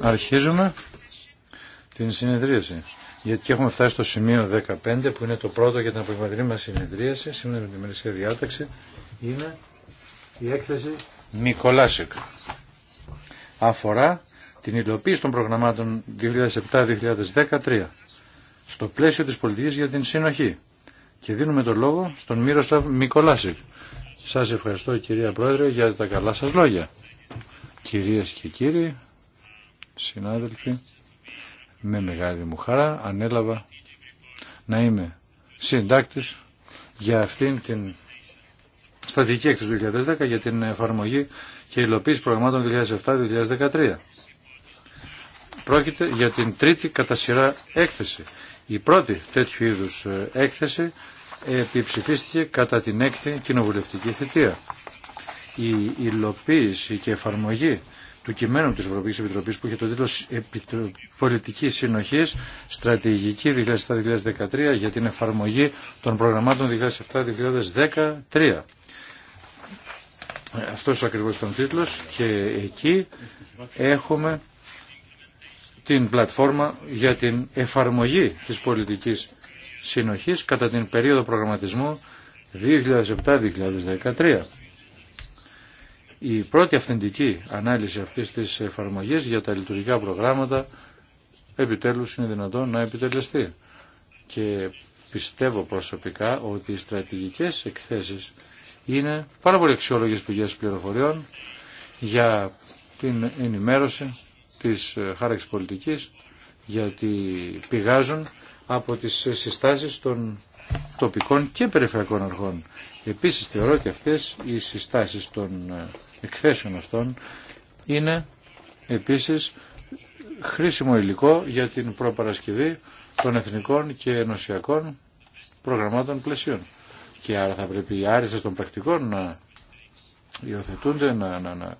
Αρχίζουμε την συνεδρίαση. Γιατί έχουμε φτάσει στο σημείο 15 που είναι το πρώτο για την απογευματινή μας συνεδρίαση. Σήμερα με τη μερική διάταξη είναι η έκθεση Μικολάσικ. Αφορά την υλοποίηση των προγραμμάτων 2007-2013 στο πλαίσιο της πολιτικής για την συνοχή. Και δίνουμε το λόγο στον Μύροσαβ Μικολάσικ. Σας ευχαριστώ κυρία Πρόεδρε για τα καλά σας λόγια. Κυρίες και κύριοι, συνάδελφοι, με μεγάλη μου χαρά ανέλαβα να είμαι συντάκτης για αυτήν την στατική έκθεση του 2010 για την εφαρμογή και υλοποίηση προγραμμάτων 2007-2013. Πρόκειται για την τρίτη κατά σειρά έκθεση. Η πρώτη τέτοιου είδους ε, έκθεση επιψηφίστηκε κατά την έκτη κοινοβουλευτική θητεία. Η υλοποίηση και εφαρμογή του κειμένου της Ευρωπαϊκής Επιτροπής που είχε το τίτλο συνοχή Συνοχής Στρατηγική 2007-2013 για την εφαρμογή των προγραμμάτων 2007-2013». Αυτός ακριβώς ο τίτλος και εκεί έχουμε την πλατφόρμα για την εφαρμογή της πολιτικής συνοχής κατά την περίοδο προγραμματισμού 2007-2013. Η πρώτη αυθεντική ανάλυση αυτής της εφαρμογής για τα λειτουργικά προγράμματα επιτέλους είναι δυνατόν να επιτελεστεί. Και πιστεύω προσωπικά ότι οι στρατηγικές εκθέσεις είναι πάρα πολύ αξιόλογες πηγές πληροφοριών για την ενημέρωση της χάραξης πολιτικής γιατί πηγάζουν από τις συστάσεις των τοπικών και περιφερειακών αρχών. Επίσης θεωρώ ότι αυτές οι συστάσεις των ε, εκθέσεων αυτών είναι επίσης χρήσιμο υλικό για την προπαρασκευή των εθνικών και ενωσιακών προγραμμάτων πλαισίων. Και άρα θα πρέπει οι άριστες των πρακτικών να υιοθετούνται, να, να, να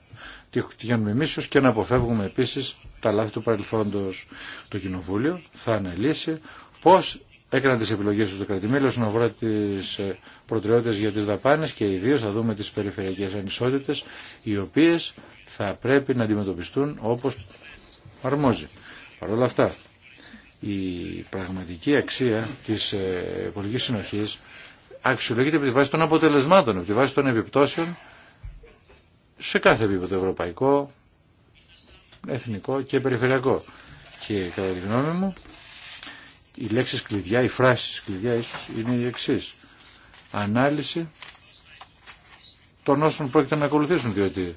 τυχαίνουμε μίσους και να αποφεύγουμε επίσης τα λάθη του παρελθόντος. Το Κοινοβούλιο θα αναλύσει πώς έκαναν τις επιλογές του το κρατημέλιο όσον αφορά τις ε, προτεραιότητες για τις δαπάνες και ιδίως θα δούμε τις περιφερειακές ανισότητες οι οποίες θα πρέπει να αντιμετωπιστούν όπως αρμόζει. Παρ' όλα αυτά, η πραγματική αξία της ε, πολιτικής συνοχής αξιολογείται από τη βάση των αποτελεσμάτων, από τη βάση των επιπτώσεων σε κάθε επίπεδο ευρωπαϊκό, εθνικό και περιφερειακό. Και κατά τη γνώμη μου οι λέξεις κλειδιά, οι φράσεις κλειδιά ίσως είναι οι εξή. Ανάλυση των όσων πρόκειται να ακολουθήσουν, διότι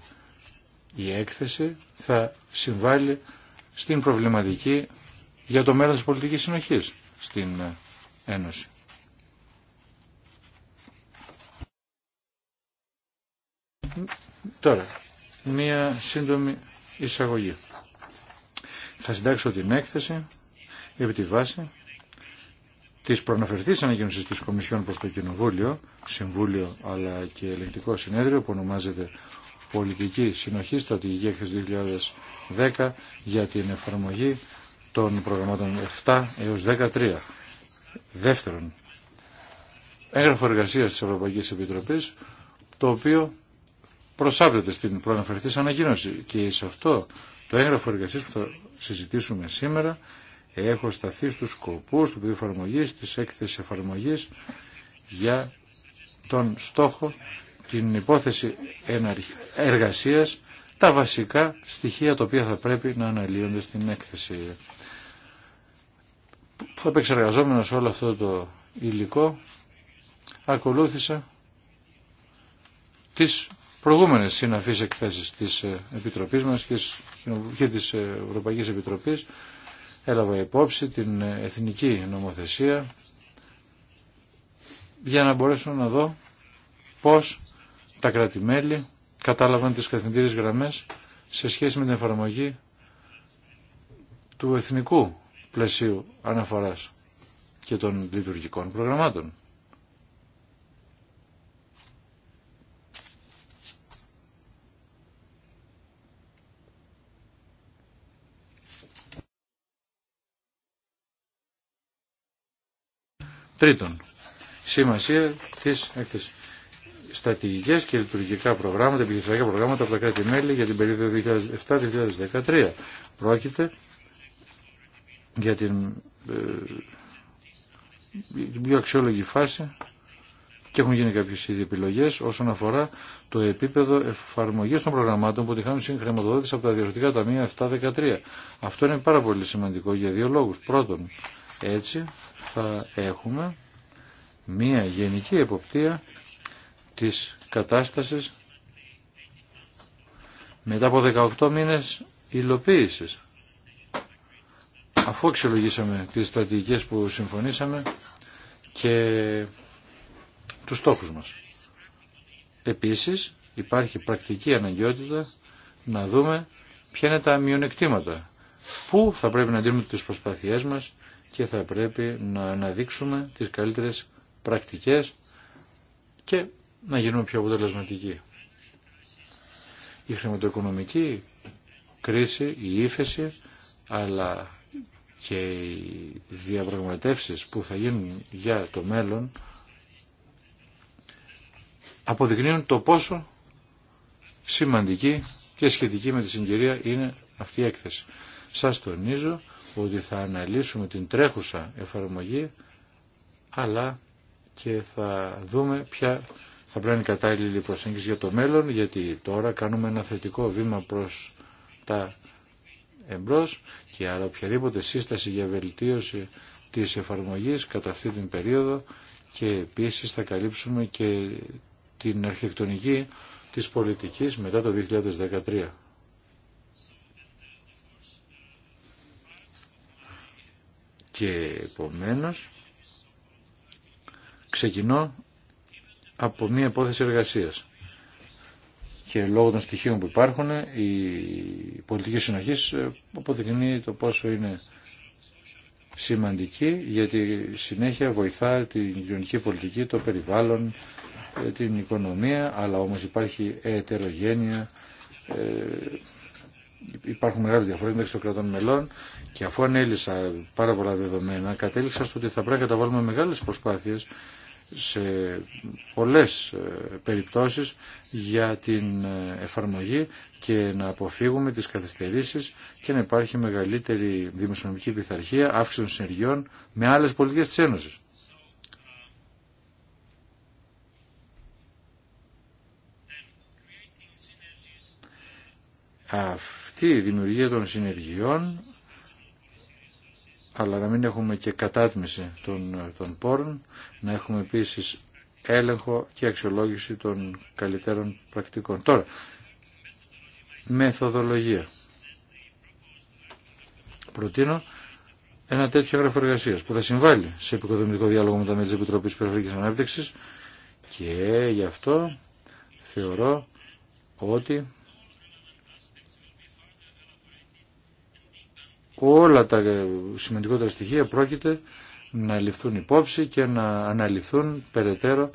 η έκθεση θα συμβάλλει στην προβληματική για το μέλλον της πολιτικής συνοχής στην Ένωση. Τώρα, μία σύντομη εισαγωγή. Θα συντάξω την έκθεση επί τη βάση Τη προναφερθής ανακοίνωση τη Κομισιόν προ το Κοινοβούλιο, Συμβούλιο αλλά και Ελεγκτικό Συνέδριο που ονομάζεται Πολιτική Συνοχή Στρατηγική Έκθεση 2010 για την εφαρμογή των προγραμμάτων 7 έως 13. Δεύτερον, έγγραφο εργασία τη Ευρωπαϊκή Επιτροπή, το οποίο προσάπτεται στην προαναφερθή ανακοίνωση και σε αυτό το έγγραφο εργασία που θα συζητήσουμε σήμερα έχω σταθεί στους σκοπούς του πεδίου εφαρμογής, της έκθεσης εφαρμογής για τον στόχο, την υπόθεση εργασίας, τα βασικά στοιχεία τα οποία θα πρέπει να αναλύονται στην έκθεση. Επεξεργαζόμενος όλο αυτό το υλικό, ακολούθησα τις προηγούμενες συναφείς εκθέσεις της Επιτροπής μας και της Ευρωπαϊκής Επιτροπής έλαβα υπόψη την εθνική νομοθεσία για να μπορέσω να δω πώς τα κρατημέλη κατάλαβαν τις καθημερινές γραμμές σε σχέση με την εφαρμογή του εθνικού πλαισίου αναφοράς και των λειτουργικών προγραμμάτων. Τρίτον, σημασία της έκθεση. Στατηγικέ και λειτουργικά προγράμματα, επιχειρησιακά προγράμματα από τα κράτη-μέλη για την περίοδο 2007-2013. Πρόκειται για την, ε, την πιο αξιόλογη φάση και έχουν γίνει κάποιε ήδη επιλογέ όσον αφορά το επίπεδο εφαρμογή των προγραμμάτων που τυχάνουν συγχρηματοδότηση από τα διορθωτικά ταμεία 7-13. Αυτό είναι πάρα πολύ σημαντικό για δύο λόγου. Πρώτον, έτσι θα έχουμε μία γενική εποπτεία της κατάστασης μετά από 18 μήνες υλοποίησης. Αφού αξιολογήσαμε τις στρατηγικές που συμφωνήσαμε και τους στόχους μας. Επίσης υπάρχει πρακτική αναγκαιότητα να δούμε ποια είναι τα μειονεκτήματα. Πού θα πρέπει να δίνουμε τις προσπαθειές μας και θα πρέπει να αναδείξουμε τις καλύτερες πρακτικές και να γίνουμε πιο αποτελεσματικοί. Η χρηματοοικονομική κρίση, η ύφεση, αλλά και οι διαπραγματεύσεις που θα γίνουν για το μέλλον αποδεικνύουν το πόσο σημαντική και σχετική με τη συγκυρία είναι αυτή η έκθεση. Σας τονίζω ότι θα αναλύσουμε την τρέχουσα εφαρμογή αλλά και θα δούμε ποια θα πρέπει να είναι κατάλληλη προσέγγιση για το μέλλον γιατί τώρα κάνουμε ένα θετικό βήμα προς τα εμπρός και άρα οποιαδήποτε σύσταση για βελτίωση της εφαρμογής κατά αυτή την περίοδο και επίσης θα καλύψουμε και την αρχιτεκτονική της πολιτικής μετά το 2013. Και επομένως ξεκινώ από μία υπόθεση εργασίας. Και λόγω των στοιχείων που υπάρχουν η πολιτική συνοχή αποδεικνύει το πόσο είναι σημαντική γιατί συνέχεια βοηθά την κοινωνική πολιτική, το περιβάλλον, ε, την οικονομία αλλά όμως υπάρχει ετερογένεια ε, υπάρχουν μεγάλες διαφορές μεταξύ των κρατών μελών και αφού ανέλησα πάρα πολλά δεδομένα κατέληξα στο ότι θα πρέπει να καταβάλουμε μεγάλες προσπάθειες σε πολλές ε, περιπτώσεις για την ε, εφαρμογή και να αποφύγουμε τις καθυστερήσεις και να υπάρχει μεγαλύτερη δημοσιονομική πειθαρχία, αύξηση των συνεργειών με άλλες πολιτικές της Ένωσης αυτή η δημιουργία των συνεργειών αλλά να μην έχουμε και κατάτμιση των, των πόρων, να έχουμε επίσης έλεγχο και αξιολόγηση των καλύτερων πρακτικών. Τώρα, μεθοδολογία. Προτείνω ένα τέτοιο έγγραφο εργασία που θα συμβάλλει σε επικοδομητικό διάλογο με τα μέλη τη Επιτροπή Περιφερειακή Ανάπτυξη και γι' αυτό θεωρώ ότι όλα τα σημαντικότερα στοιχεία πρόκειται να ληφθούν υπόψη και να αναλυθούν περαιτέρω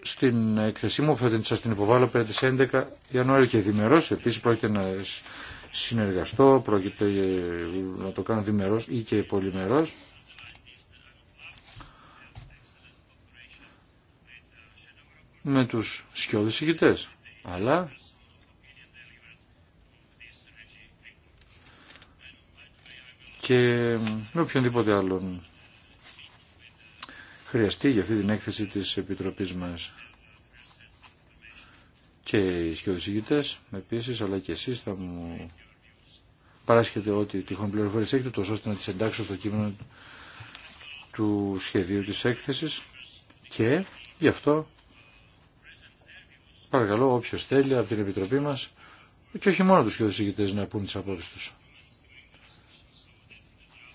στην εκθεσή μου, θα σας την υποβάλλω πέρα τις 11 Ιανουαρίου και διμερός. Επίσης πρόκειται να συνεργαστώ, πρόκειται ε, να το κάνω διμερώς ή και πολυμερό, με τους σκιώδεις ηγητές. Αλλά και με οποιονδήποτε άλλον χρειαστεί για αυτή την έκθεση της Επιτροπής μας. Και οι σκιοδησυγητές επίσης, αλλά και εσείς θα μου παράσχετε ό,τι τυχόν πληροφορίες έχετε, τόσο ώστε να τις εντάξω στο κείμενο του σχεδίου της έκθεσης και γι' αυτό παρακαλώ όποιος θέλει από την Επιτροπή μας και όχι μόνο τους σκιοδησυγητές να πούν τις απόψεις τους.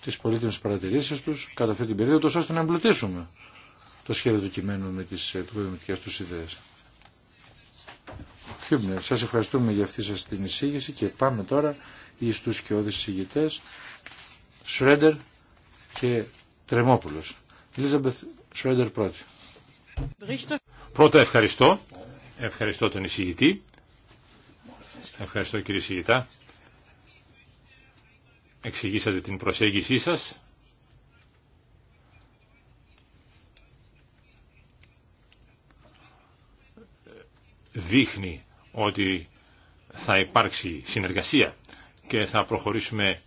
Τι πολύτιμε παρατηρήσεις του κατά αυτή την περίοδο, ώστε να εμπλουτίσουμε το σχέδιο του κειμένου με τις ε, επικοδομητικές του ιδέες. Χιούμπνερ, σας ευχαριστούμε για αυτή σα την εισήγηση και πάμε τώρα εις τους σκιώδεις εισηγητές Σρέντερ και τρεμόπουλο. Ελίζαμπεθ Σρέντερ πρώτη. Πρώτα ευχαριστώ. Ευχαριστώ τον εισηγητή. Ευχαριστώ κύριε εισηγητά εξηγήσατε την προσέγγισή σας. Δείχνει ότι θα υπάρξει συνεργασία και θα προχωρήσουμε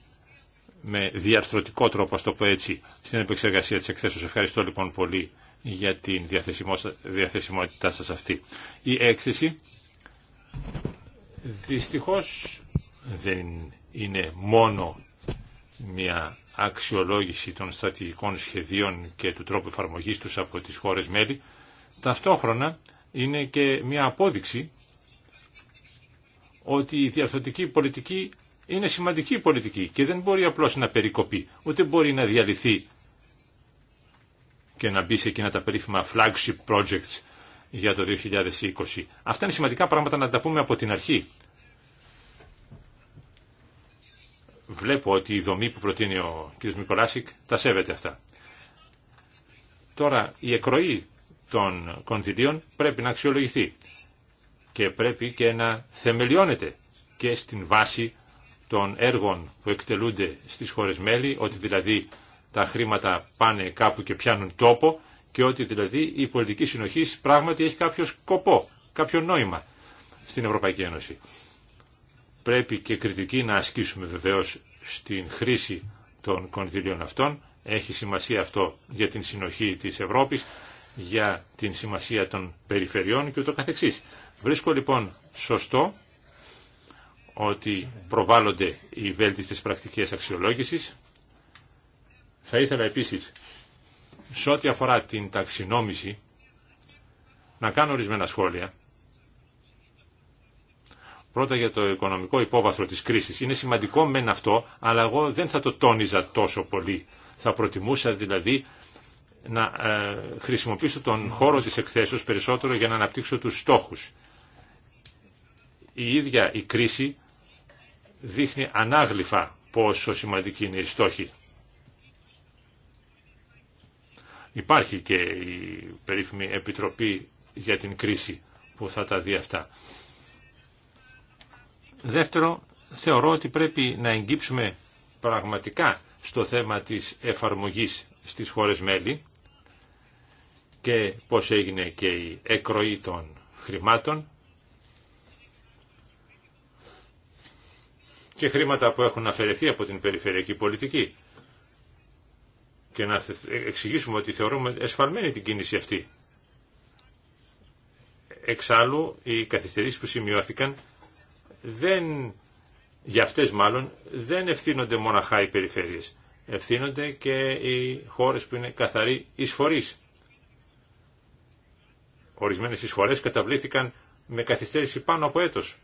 με διαρθρωτικό τρόπο, στο το πω έτσι, στην επεξεργασία της εκθέσεως. Ευχαριστώ λοιπόν πολύ για την διαθεσιμότητά σας αυτή. Η έκθεση δυστυχώς δεν είναι μόνο μια αξιολόγηση των στρατηγικών σχεδίων και του τρόπου εφαρμογής τους από τις χώρες μέλη, ταυτόχρονα είναι και μια απόδειξη ότι η διαρθρωτική πολιτική είναι σημαντική πολιτική και δεν μπορεί απλώς να περικοπεί, ούτε μπορεί να διαλυθεί και να μπει σε εκείνα τα περίφημα flagship projects για το 2020. Αυτά είναι σημαντικά πράγματα να τα πούμε από την αρχή, βλέπω ότι η δομή που προτείνει ο κ. Μικολάσικ τα σέβεται αυτά. Τώρα η εκροή των κονδυλίων πρέπει να αξιολογηθεί και πρέπει και να θεμελιώνεται και στην βάση των έργων που εκτελούνται στις χώρες μέλη, ότι δηλαδή τα χρήματα πάνε κάπου και πιάνουν τόπο και ότι δηλαδή η πολιτική συνοχή πράγματι έχει κάποιο σκοπό, κάποιο νόημα στην Ευρωπαϊκή Ένωση. Πρέπει και κριτική να ασκήσουμε βεβαίως στην χρήση των κονδυλίων αυτών. Έχει σημασία αυτό για την συνοχή της Ευρώπης, για την σημασία των περιφερειών και ούτω καθεξής. Βρίσκω λοιπόν σωστό ότι προβάλλονται οι βέλτιστες πρακτικές αξιολόγησης. Θα ήθελα επίσης, σε ό,τι αφορά την ταξινόμηση, να κάνω ορισμένα σχόλια Πρώτα για το οικονομικό υπόβαθρο της κρίσης. Είναι σημαντικό μεν αυτό, αλλά εγώ δεν θα το τόνιζα τόσο πολύ. Θα προτιμούσα δηλαδή να ε, χρησιμοποιήσω τον χώρο της εκθέσεως περισσότερο για να αναπτύξω τους στόχους. Η ίδια η κρίση δείχνει ανάγλυφα πόσο σημαντική είναι η στόχη. Υπάρχει και η περίφημη Επιτροπή για την κρίση που θα τα δει αυτά. Δεύτερο, θεωρώ ότι πρέπει να εγκύψουμε πραγματικά στο θέμα της εφαρμογής στις χώρες μέλη και πώς έγινε και η εκροή των χρημάτων και χρήματα που έχουν αφαιρεθεί από την περιφερειακή πολιτική και να εξηγήσουμε ότι θεωρούμε εσφαλμένη την κίνηση αυτή. Εξάλλου, οι καθυστερήσεις που σημειώθηκαν δεν, για αυτές μάλλον, δεν ευθύνονται μοναχά οι περιφέρειες. Ευθύνονται και οι χώρες που είναι καθαροί εισφορείς. Ορισμένες εισφορές καταβλήθηκαν με καθυστέρηση πάνω από έτος.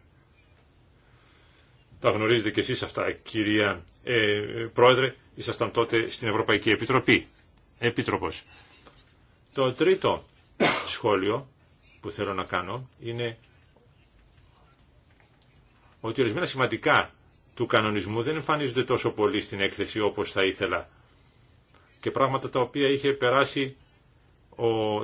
Τα γνωρίζετε κι εσείς αυτά, κυρία ε, Πρόεδρε, ήσασταν τότε στην Ευρωπαϊκή Επιτροπή. Επίτροπος. Το τρίτο σχόλιο που θέλω να κάνω είναι ότι ορισμένα σημαντικά του κανονισμού δεν εμφανίζονται τόσο πολύ στην έκθεση όπως θα ήθελα και πράγματα τα οποία είχε περάσει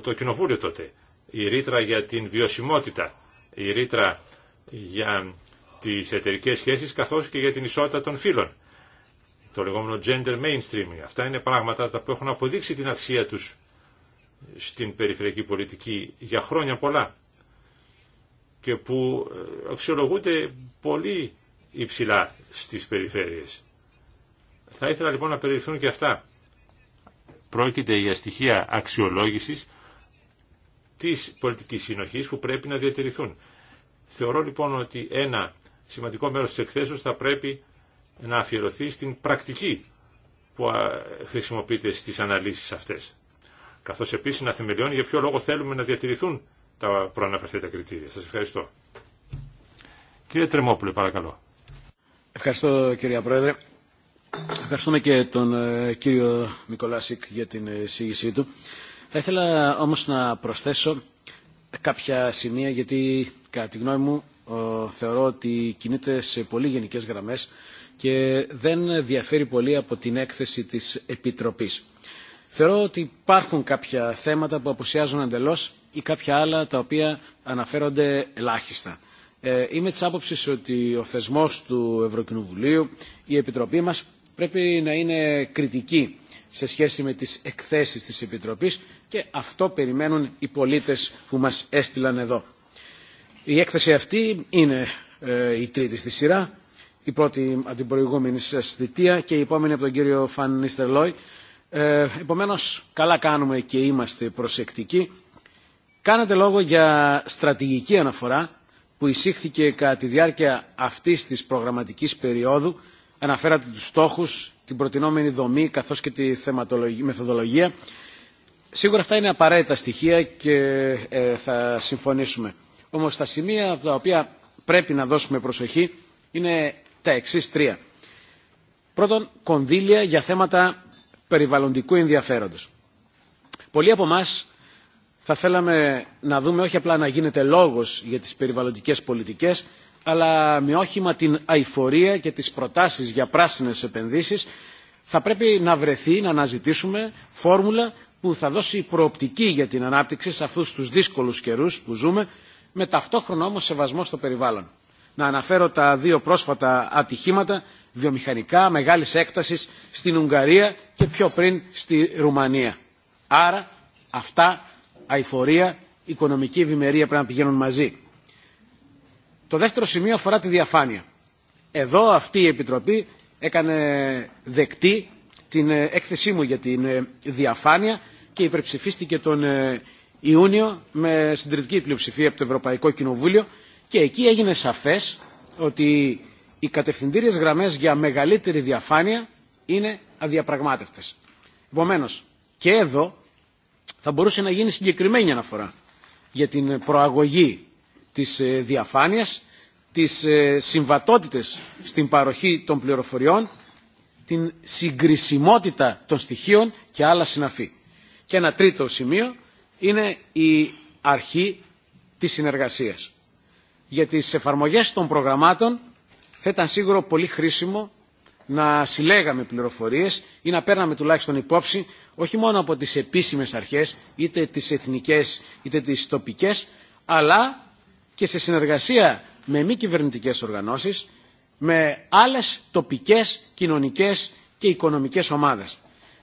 το κοινοβούλιο τότε. Η ρήτρα για την βιωσιμότητα, η ρήτρα για τις εταιρικές σχέσεις καθώς και για την ισότητα των φύλων. Το λεγόμενο gender mainstreaming. Αυτά είναι πράγματα τα που έχουν αποδείξει την αξία τους στην περιφερειακή πολιτική για χρόνια πολλά και που ε, αξιολογούνται πολύ υψηλά στις περιφέρειες. Θα ήθελα λοιπόν να περιληφθούν και αυτά. Πρόκειται για στοιχεία αξιολόγησης της πολιτικής συνοχής που πρέπει να διατηρηθούν. Θεωρώ λοιπόν ότι ένα σημαντικό μέρος της εκθέσεως θα πρέπει να αφιερωθεί στην πρακτική που χρησιμοποιείται στις αναλύσεις αυτές. Καθώς επίσης να θεμελιώνει για ποιο λόγο θέλουμε να διατηρηθούν τα προαναφερθέντα κριτήρια. Σας ευχαριστώ. Κύριε Τρεμόπουλε, παρακαλώ. Ευχαριστώ κύριε Πρόεδρε. Ευχαριστούμε και τον ε, κύριο Μικολάσικ για την εισήγησή του. Θα ήθελα όμως να προσθέσω κάποια σημεία γιατί κατά τη γνώμη μου θεωρώ ότι κινείται σε πολύ γενικές γραμμές και δεν διαφέρει πολύ από την έκθεση της Επιτροπής. Θεωρώ ότι υπάρχουν κάποια θέματα που αποσιάζουν εντελώς ή κάποια άλλα τα οποία αναφέρονται ελάχιστα. Ε, είμαι της άποψης ότι ο θεσμός του Ευρωκοινοβουλίου, η Επιτροπή μας πρέπει να είναι κριτική σε σχέση με τις εκθέσεις της Επιτροπής και αυτό περιμένουν οι πολίτες που μας έστειλαν εδώ. Η έκθεση αυτή είναι ε, η τρίτη στη σειρά, η πρώτη από την προηγούμενη σας θητεία και η επόμενη από τον κύριο Φαν Νίστερ Λόι. Ε, επομένως, καλά κάνουμε και είμαστε προσεκτικοί Κάνατε λόγο για στρατηγική αναφορά που εισήχθηκε κατά τη διάρκεια αυτής της προγραμματικής περίοδου. Αναφέρατε τους στόχους, την προτινόμενη δομή καθώς και τη μεθοδολογία. Σίγουρα αυτά είναι απαραίτητα στοιχεία και ε, θα συμφωνήσουμε. Όμως τα σημεία από τα οποία πρέπει να δώσουμε προσοχή είναι τα εξή τρία. Πρώτον, κονδύλια για θέματα περιβαλλοντικού ενδιαφέροντος. Πολλοί από εμά θα θέλαμε να δούμε όχι απλά να γίνεται λόγος για τις περιβαλλοντικές πολιτικές, αλλά με όχημα την αηφορία και τις προτάσεις για πράσινες επενδύσεις, θα πρέπει να βρεθεί, να αναζητήσουμε φόρμουλα που θα δώσει προοπτική για την ανάπτυξη σε αυτούς τους δύσκολους καιρούς που ζούμε, με ταυτόχρονο όμως σεβασμό στο περιβάλλον. Να αναφέρω τα δύο πρόσφατα ατυχήματα, βιομηχανικά, μεγάλης έκτασης στην Ουγγαρία και πιο πριν στη Ρουμανία. Άρα αυτά αηφορία, οικονομική ευημερία πρέπει να πηγαίνουν μαζί. Το δεύτερο σημείο αφορά τη διαφάνεια. Εδώ αυτή η Επιτροπή έκανε δεκτή την ε, έκθεσή μου για την ε, διαφάνεια και υπερψηφίστηκε τον ε, Ιούνιο με συντριπτική πλειοψηφία από το Ευρωπαϊκό Κοινοβούλιο και εκεί έγινε σαφές ότι οι κατευθυντήριες γραμμές για μεγαλύτερη διαφάνεια είναι αδιαπραγμάτευτες. Επομένως, και εδώ θα μπορούσε να γίνει συγκεκριμένη αναφορά για την προαγωγή της ε, διαφάνειας, τις ε, συμβατότητες στην παροχή των πληροφοριών, την συγκρισιμότητα των στοιχείων και άλλα συναφή. Και ένα τρίτο σημείο είναι η αρχή της συνεργασίας. Για τις εφαρμογές των προγραμμάτων θα ήταν σίγουρο πολύ χρήσιμο να συλλέγαμε πληροφορίες ή να παίρναμε τουλάχιστον υπόψη όχι μόνο από τις επίσημες αρχές, είτε τις εθνικές είτε τις τοπικές, αλλά και σε συνεργασία με μη κυβερνητικές οργανώσεις, με άλλες τοπικές, κοινωνικές και οικονομικές ομάδες.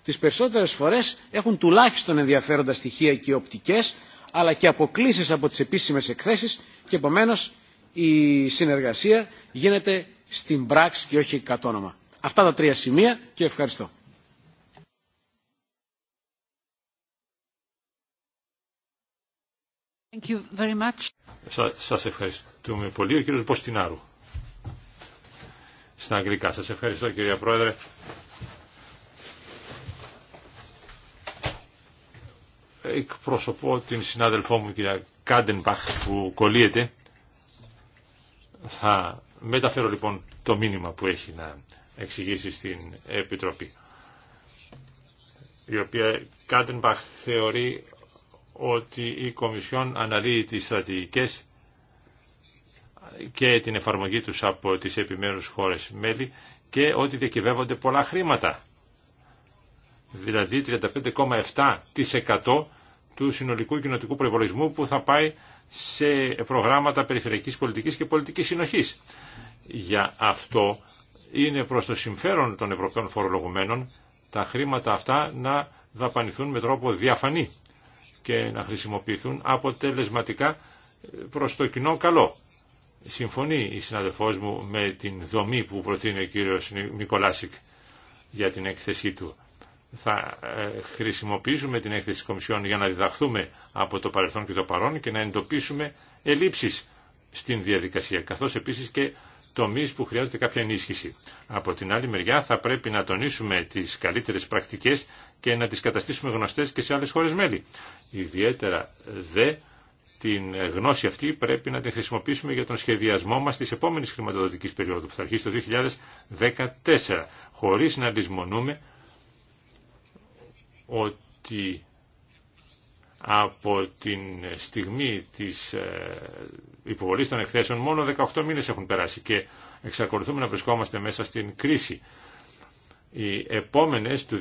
Τις περισσότερες φορές έχουν τουλάχιστον ενδιαφέροντα στοιχεία και οπτικές, αλλά και αποκλήσεις από τις επίσημες εκθέσεις και επομένως η συνεργασία γίνεται στην πράξη και όχι κατ' Αυτά τα τρία σημεία και ευχαριστώ. Σας ευχαριστούμε πολύ. Ο κύριος Μποστινάρου. Στα αγγλικά. Σας ευχαριστώ κυρία Πρόεδρε. Εκπροσωπώ την συνάδελφό μου κυρία Κάντενπαχ που κολλείεται. Θα μεταφέρω λοιπόν το μήνυμα που έχει να εξηγήσει στην Επιτροπή η οποία Κάντενμπαχ θεωρεί ότι η Κομισιόν αναλύει τις στρατηγικές και την εφαρμογή τους από τις επιμέρους χώρες μέλη και ότι διακυβεύονται πολλά χρήματα. Δηλαδή 35,7% του συνολικού κοινοτικού προϋπολογισμού που θα πάει σε προγράμματα περιφερειακής πολιτικής και πολιτικής συνοχής. Για αυτό είναι προς το συμφέρον των Ευρωπαίων φορολογουμένων τα χρήματα αυτά να δαπανηθούν με τρόπο διαφανή και να χρησιμοποιηθούν αποτελεσματικά προς το κοινό καλό. Συμφωνεί η συναδελφός μου με την δομή που προτείνει ο κύριος Νικολάσικ για την έκθεσή του. Θα ε, χρησιμοποιήσουμε την έκθεση της Κομισιόν για να διδαχθούμε από το παρελθόν και το παρόν και να εντοπίσουμε ελλείψεις στην διαδικασία, καθώς επίσης και Τομεί που χρειάζεται κάποια ενίσχυση. Από την άλλη μεριά θα πρέπει να τονίσουμε τις καλύτερες πρακτικές και να τις καταστήσουμε γνωστές και σε άλλες χώρες μέλη. Ιδιαίτερα δε την γνώση αυτή πρέπει να την χρησιμοποιήσουμε για τον σχεδιασμό μας της επόμενης χρηματοδοτικής περίοδου που θα αρχίσει το 2014, χωρίς να λησμονούμε ότι από την στιγμή της ε, υποβολής των εκθέσεων μόνο 18 μήνες έχουν περάσει και εξακολουθούμε να βρισκόμαστε μέσα στην κρίση. Οι επόμενες του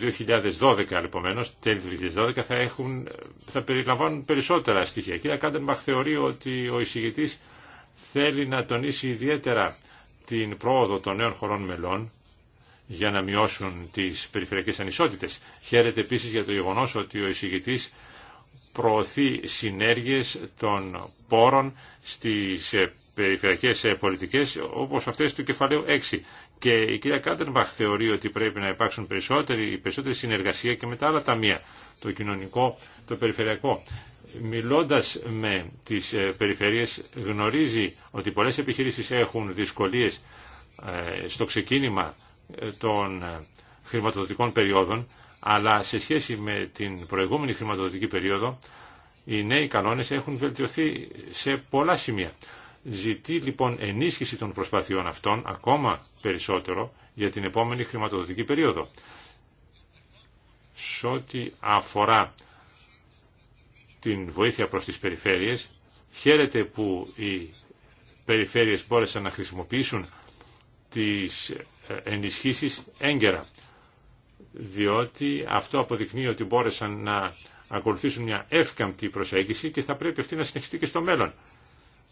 2012 λοιπόν, τέλη του 2012 θα, έχουν, θα περιλαμβάνουν περισσότερα στοιχεία. Κύριε Κάντερμαχ θεωρεί ότι ο εισηγητής θέλει να τονίσει ιδιαίτερα την πρόοδο των νέων χωρών μελών για να μειώσουν τις περιφερειακές ανισότητες. Χαίρεται επίσης για το γεγονός ότι ο εισηγητής προωθεί συνέργειες των πόρων στις ε, περιφερειακές ε, πολιτικές όπως αυτές του κεφαλαίου 6. Και η κυρία Κάντερμπαχ θεωρεί ότι πρέπει να υπάρξουν περισσότερη, περισσότερη συνεργασία και με τα άλλα ταμεία, το κοινωνικό, το περιφερειακό. Μιλώντας με τις ε, περιφερειές γνωρίζει ότι πολλές επιχειρήσεις έχουν δυσκολίες στο ξεκίνημα των χρηματοδοτικών περιόδων αλλά σε σχέση με την προηγούμενη χρηματοδοτική περίοδο οι νέοι κανόνες έχουν βελτιωθεί σε πολλά σημεία. Ζητεί λοιπόν ενίσχυση των προσπαθειών αυτών ακόμα περισσότερο για την επόμενη χρηματοδοτική περίοδο. Σε ό,τι αφορά την βοήθεια προς τις περιφέρειες, χαίρεται που οι περιφέρειες μπόρεσαν να χρησιμοποιήσουν τις ε, ενισχύσεις έγκαιρα διότι αυτό αποδεικνύει ότι μπόρεσαν να ακολουθήσουν μια εύκαμπτη προσέγγιση και θα πρέπει αυτή να συνεχιστεί και στο μέλλον.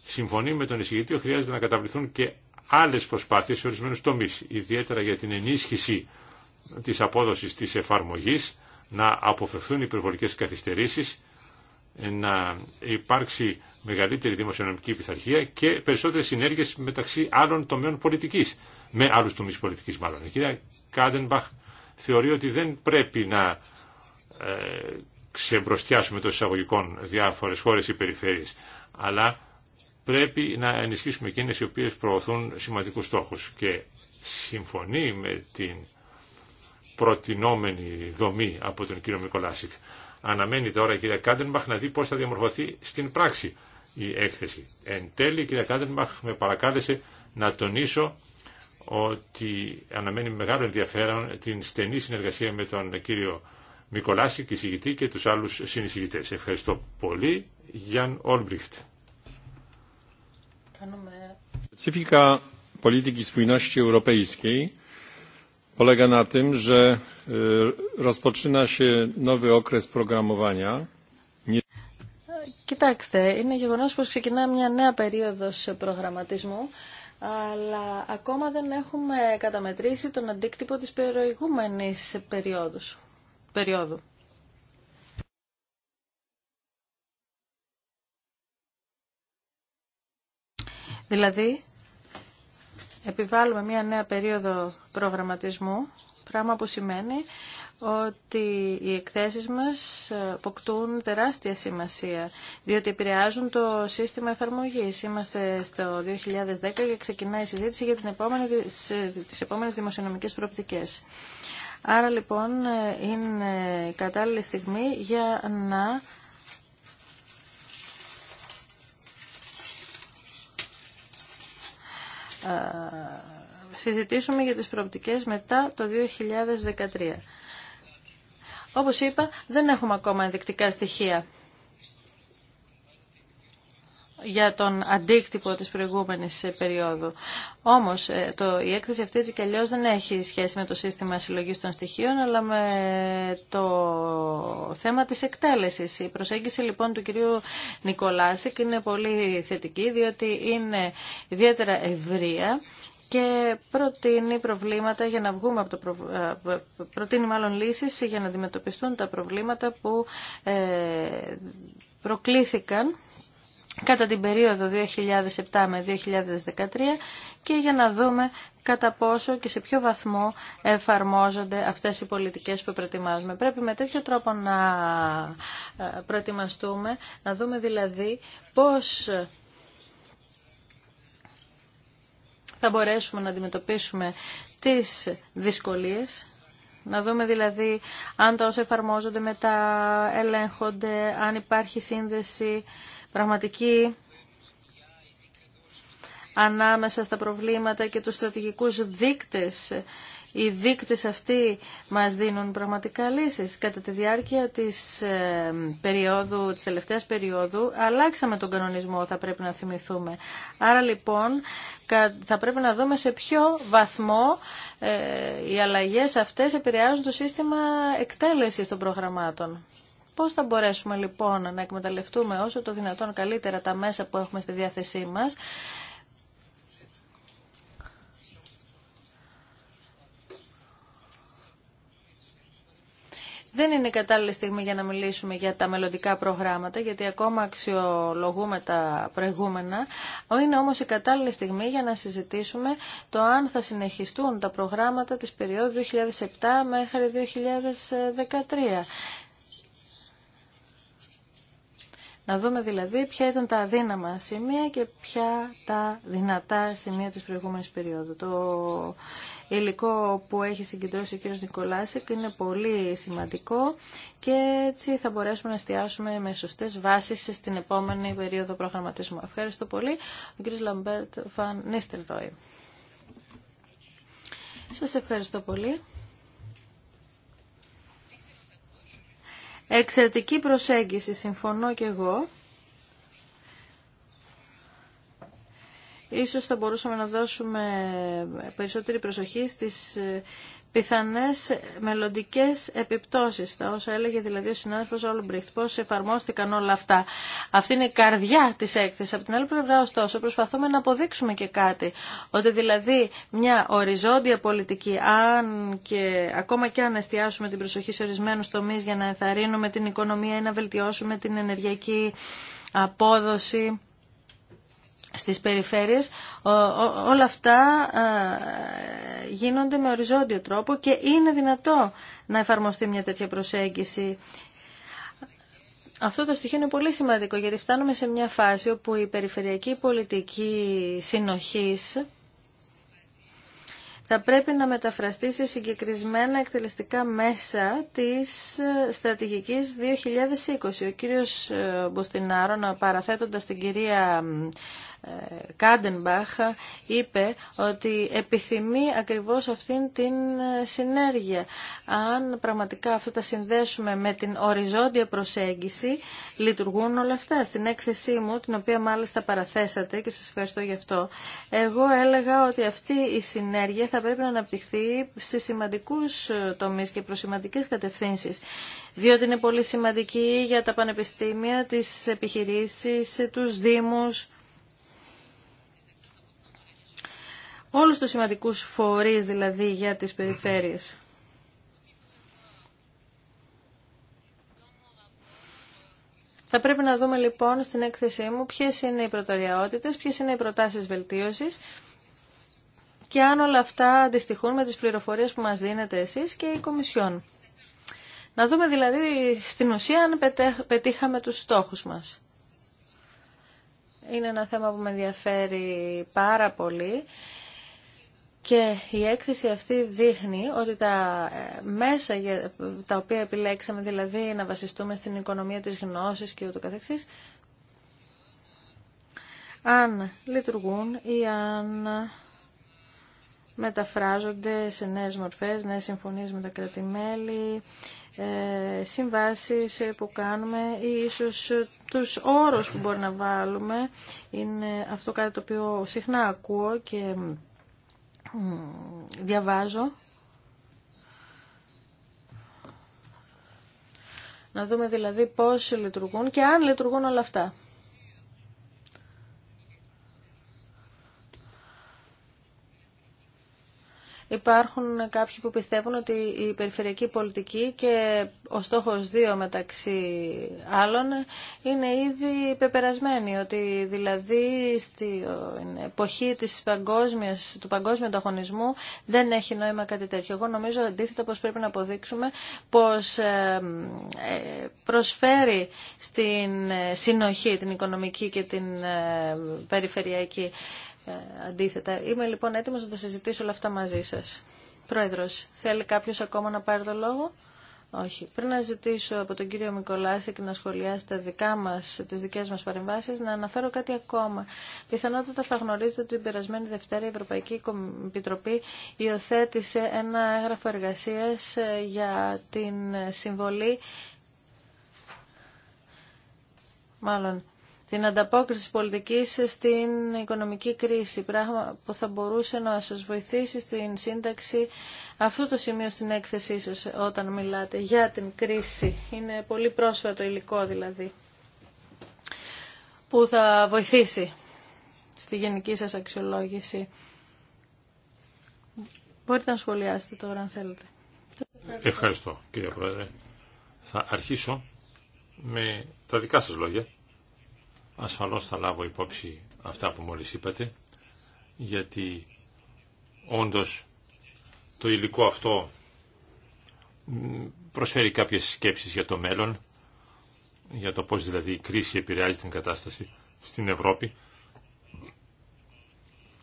Συμφωνεί με τον εισηγητή ότι χρειάζεται να καταβληθούν και άλλες προσπάθειες σε ορισμένους τομείς, ιδιαίτερα για την ενίσχυση της απόδοσης της εφαρμογής, να αποφευθούν υπερβολικές καθυστερήσεις, να υπάρξει μεγαλύτερη δημοσιονομική πειθαρχία και περισσότερες συνέργειες μεταξύ άλλων τομέων πολιτική με άλλου τομεί πολιτικής μάλλον. Η κυρία Κάντενμπαχ θεωρεί ότι δεν πρέπει να ε, ξεμπροστιάσουμε των εισαγωγικών διάφορες χώρες ή περιφέρειες, αλλά πρέπει να ενισχύσουμε εκείνες οι οποίες προωθούν σημαντικούς στόχους και συμφωνεί με την προτινόμενη δομή από τον κύριο Μικολάσικ. Αναμένει τώρα η κυρία Κάντενμπαχ να δει πώς θα διαμορφωθεί στην πράξη η έκθεση. Εν τέλει η κυρία με παρακάλεσε να τονίσω ότι αναμένει με μεγάλο ενδιαφέρον την στενή συνεργασία με τον κύριο Μικολάση και εισηγητή και τους άλλους συνεισηγητές. Ευχαριστώ πολύ. Γιάν Όλμπριχτ. Specyfika polityki spójności europejskiej polega na tym, że e, rozpoczyna się nowy okres programowania. Κοιτάξτε, είναι γεγονός πως ξεκινά μια νέα περίοδος προγραμματισμού αλλά ακόμα δεν έχουμε καταμετρήσει τον αντίκτυπο της προηγούμενης περίοδους, περίοδου. Δηλαδή, επιβάλλουμε μια νέα περίοδο προγραμματισμού Πράγμα που σημαίνει ότι οι εκθέσεις μας αποκτούν τεράστια σημασία, διότι επηρεάζουν το σύστημα εφαρμογής. Είμαστε στο 2010 και ξεκινάει η συζήτηση για την επόμενη, τις επόμενες δημοσιονομικές προοπτικές. Άρα λοιπόν είναι η κατάλληλη στιγμή για να συζητήσουμε για τις προοπτικές μετά το 2013. Όπως είπα, δεν έχουμε ακόμα ενδεικτικά στοιχεία για τον αντίκτυπο της προηγούμενης περίοδου. Όμως ε, το, η έκθεση αυτή έτσι και δεν έχει σχέση με το σύστημα συλλογής των στοιχείων αλλά με το θέμα της εκτέλεσης. Η προσέγγιση λοιπόν του κυρίου Νικολάσικ είναι πολύ θετική διότι είναι ιδιαίτερα ευρεία και προτείνει προβλήματα για να βγούμε από το ε, προτείνει μάλλον λύσεις για να αντιμετωπιστούν τα προβλήματα που ε, προκλήθηκαν κατά την περίοδο 2007 με 2013 και για να δούμε κατά πόσο και σε ποιο βαθμό εφαρμόζονται αυτές οι πολιτικές που προετοιμάζουμε. Πρέπει με τέτοιο τρόπο να ε, προετοιμαστούμε, να δούμε δηλαδή πώς θα μπορέσουμε να αντιμετωπίσουμε τις δυσκολίες να δούμε δηλαδή αν τα όσα εφαρμόζονται μετά ελέγχονται, αν υπάρχει σύνδεση πραγματική ανάμεσα στα προβλήματα και τους στρατηγικούς δείκτες οι δείκτες αυτοί μας δίνουν πραγματικά λύσεις. Κατά τη διάρκεια της, ε, περίοδου, της τελευταίας περίοδου αλλάξαμε τον κανονισμό, θα πρέπει να θυμηθούμε. Άρα λοιπόν θα πρέπει να δούμε σε ποιο βαθμό ε, οι αλλαγές αυτές επηρεάζουν το σύστημα εκτέλεσης των προγραμμάτων. Πώς θα μπορέσουμε λοιπόν να εκμεταλλευτούμε όσο το δυνατόν καλύτερα τα μέσα που έχουμε στη διάθεσή μας Δεν είναι κατάλληλη στιγμή για να μιλήσουμε για τα μελλοντικά προγράμματα, γιατί ακόμα αξιολογούμε τα προηγούμενα. Είναι όμως η κατάλληλη στιγμή για να συζητήσουμε το αν θα συνεχιστούν τα προγράμματα της περίοδου 2007 μέχρι 2013. Να δούμε δηλαδή ποια ήταν τα αδύναμα σημεία και ποια τα δυνατά σημεία της προηγούμενης περίοδου. Το υλικό που έχει συγκεντρώσει ο κ. Νικολάσικ είναι πολύ σημαντικό και έτσι θα μπορέσουμε να εστιάσουμε με σωστές βάσεις στην επόμενη περίοδο προγραμματισμού. Ευχαριστώ πολύ. Ο κ. Λαμπέρτ Φαν Ρόι. Σας ευχαριστώ πολύ. Εξαιρετική προσέγγιση, συμφωνώ και εγώ. Ίσως θα μπορούσαμε να δώσουμε περισσότερη προσοχή στις ε, πιθανές μελλοντικές επιπτώσεις, τα όσα έλεγε δηλαδή ο συνάδελφος Όλμπριχτ, πώς εφαρμόστηκαν όλα αυτά. Αυτή είναι η καρδιά της έκθεσης. Από την άλλη πλευρά, ωστόσο, προσπαθούμε να αποδείξουμε και κάτι, ότι δηλαδή μια οριζόντια πολιτική, αν και ακόμα και αν εστιάσουμε την προσοχή σε ορισμένους τομείς για να ενθαρρύνουμε την οικονομία ή να βελτιώσουμε την ενεργειακή απόδοση, στις περιφέρειες όλα αυτά ε, γίνονται με οριζόντιο τρόπο και είναι δυνατό να εφαρμοστεί μια τέτοια προσέγγιση. Αυτό το στοιχείο είναι πολύ σημαντικό γιατί φτάνουμε σε μια φάση όπου η περιφερειακή πολιτική συνοχής θα πρέπει να μεταφραστεί σε συγκεκρισμένα εκτελεστικά μέσα της στρατηγικής 2020. Ο κύριος ε, Μποστινάρο, παραθέτοντας την κυρία Κάντενμπαχ είπε ότι επιθυμεί ακριβώς αυτήν την ε, συνέργεια. Αν πραγματικά αυτά τα συνδέσουμε με την οριζόντια προσέγγιση, λειτουργούν όλα αυτά. Στην έκθεσή μου, την οποία μάλιστα παραθέσατε και σας ευχαριστώ γι' αυτό, εγώ έλεγα ότι αυτή η συνέργεια θα πρέπει να αναπτυχθεί σε σημαντικούς ε, τομείς και προς σημαντικές κατευθύνσεις διότι είναι πολύ σημαντική για τα πανεπιστήμια, τις επιχειρήσεις, τους δήμους, όλους τους σημαντικούς φορείς δηλαδή για τις περιφέρειες. Θα πρέπει να δούμε λοιπόν στην έκθεσή μου ποιες είναι οι προτεραιότητες, ποιες είναι οι προτάσεις βελτίωσης και αν όλα αυτά αντιστοιχούν με τις πληροφορίες που μας δίνετε εσείς και η Κομισιόν. Να δούμε δηλαδή στην ουσία αν πετύχαμε τους στόχους μας. Είναι ένα θέμα που με ενδιαφέρει πάρα πολύ και η έκθεση αυτή δείχνει ότι τα ε, μέσα για τα οποία επιλέξαμε, δηλαδή να βασιστούμε στην οικονομία της γνώσης και ούτω καθεξής, αν λειτουργούν ή αν μεταφράζονται σε νέες μορφές, νέες συμφωνίες με τα κρατημέλη, ε, συμβάσεις που κάνουμε ή ίσως τους όρους που μπορεί να βάλουμε. Είναι αυτό κάτι το οποίο συχνά ακούω και διαβάζω. Να δούμε δηλαδή πώς λειτουργούν και αν λειτουργούν όλα αυτά. Υπάρχουν κάποιοι που πιστεύουν ότι η περιφερειακή πολιτική και ο στόχος 2 μεταξύ άλλων είναι ήδη πεπερασμένη, ότι δηλαδή στην εποχή της παγκόσμιας, του παγκόσμιου ανταγωνισμού δεν έχει νόημα κάτι τέτοιο. Εγώ νομίζω αντίθετα πως πρέπει να αποδείξουμε πως ε, ε, προσφέρει στην συνοχή, την οικονομική και την ε, περιφερειακή ε, αντίθετα. Είμαι λοιπόν έτοιμος να τα συζητήσω όλα αυτά μαζί σας. Πρόεδρος, θέλει κάποιος ακόμα να πάρει το λόγο. Όχι. Πριν να ζητήσω από τον κύριο Μικολάση και να σχολιάσει τα δικά μας, τις δικές μας παρεμβάσεις, να αναφέρω κάτι ακόμα. Πιθανότατα θα γνωρίζετε ότι την περασμένη Δευτέρα η Ευρωπαϊκή Επιτροπή υιοθέτησε ένα έγγραφο εργασίας ε, για την συμβολή μάλλον την ανταπόκριση της πολιτικής στην οικονομική κρίση, πράγμα που θα μπορούσε να σας βοηθήσει στην σύνταξη αυτού το σημείο στην έκθεσή σας όταν μιλάτε για την κρίση. Είναι πολύ πρόσφατο υλικό δηλαδή που θα βοηθήσει στη γενική σας αξιολόγηση. Μπορείτε να σχολιάσετε τώρα αν θέλετε. Ευχαριστώ κύριε Πρόεδρε. Θα αρχίσω με τα δικά σας λόγια Ασφαλώς θα λάβω υπόψη αυτά που μόλις είπατε, γιατί όντως το υλικό αυτό προσφέρει κάποιες σκέψεις για το μέλλον, για το πώς δηλαδή η κρίση επηρεάζει την κατάσταση στην Ευρώπη.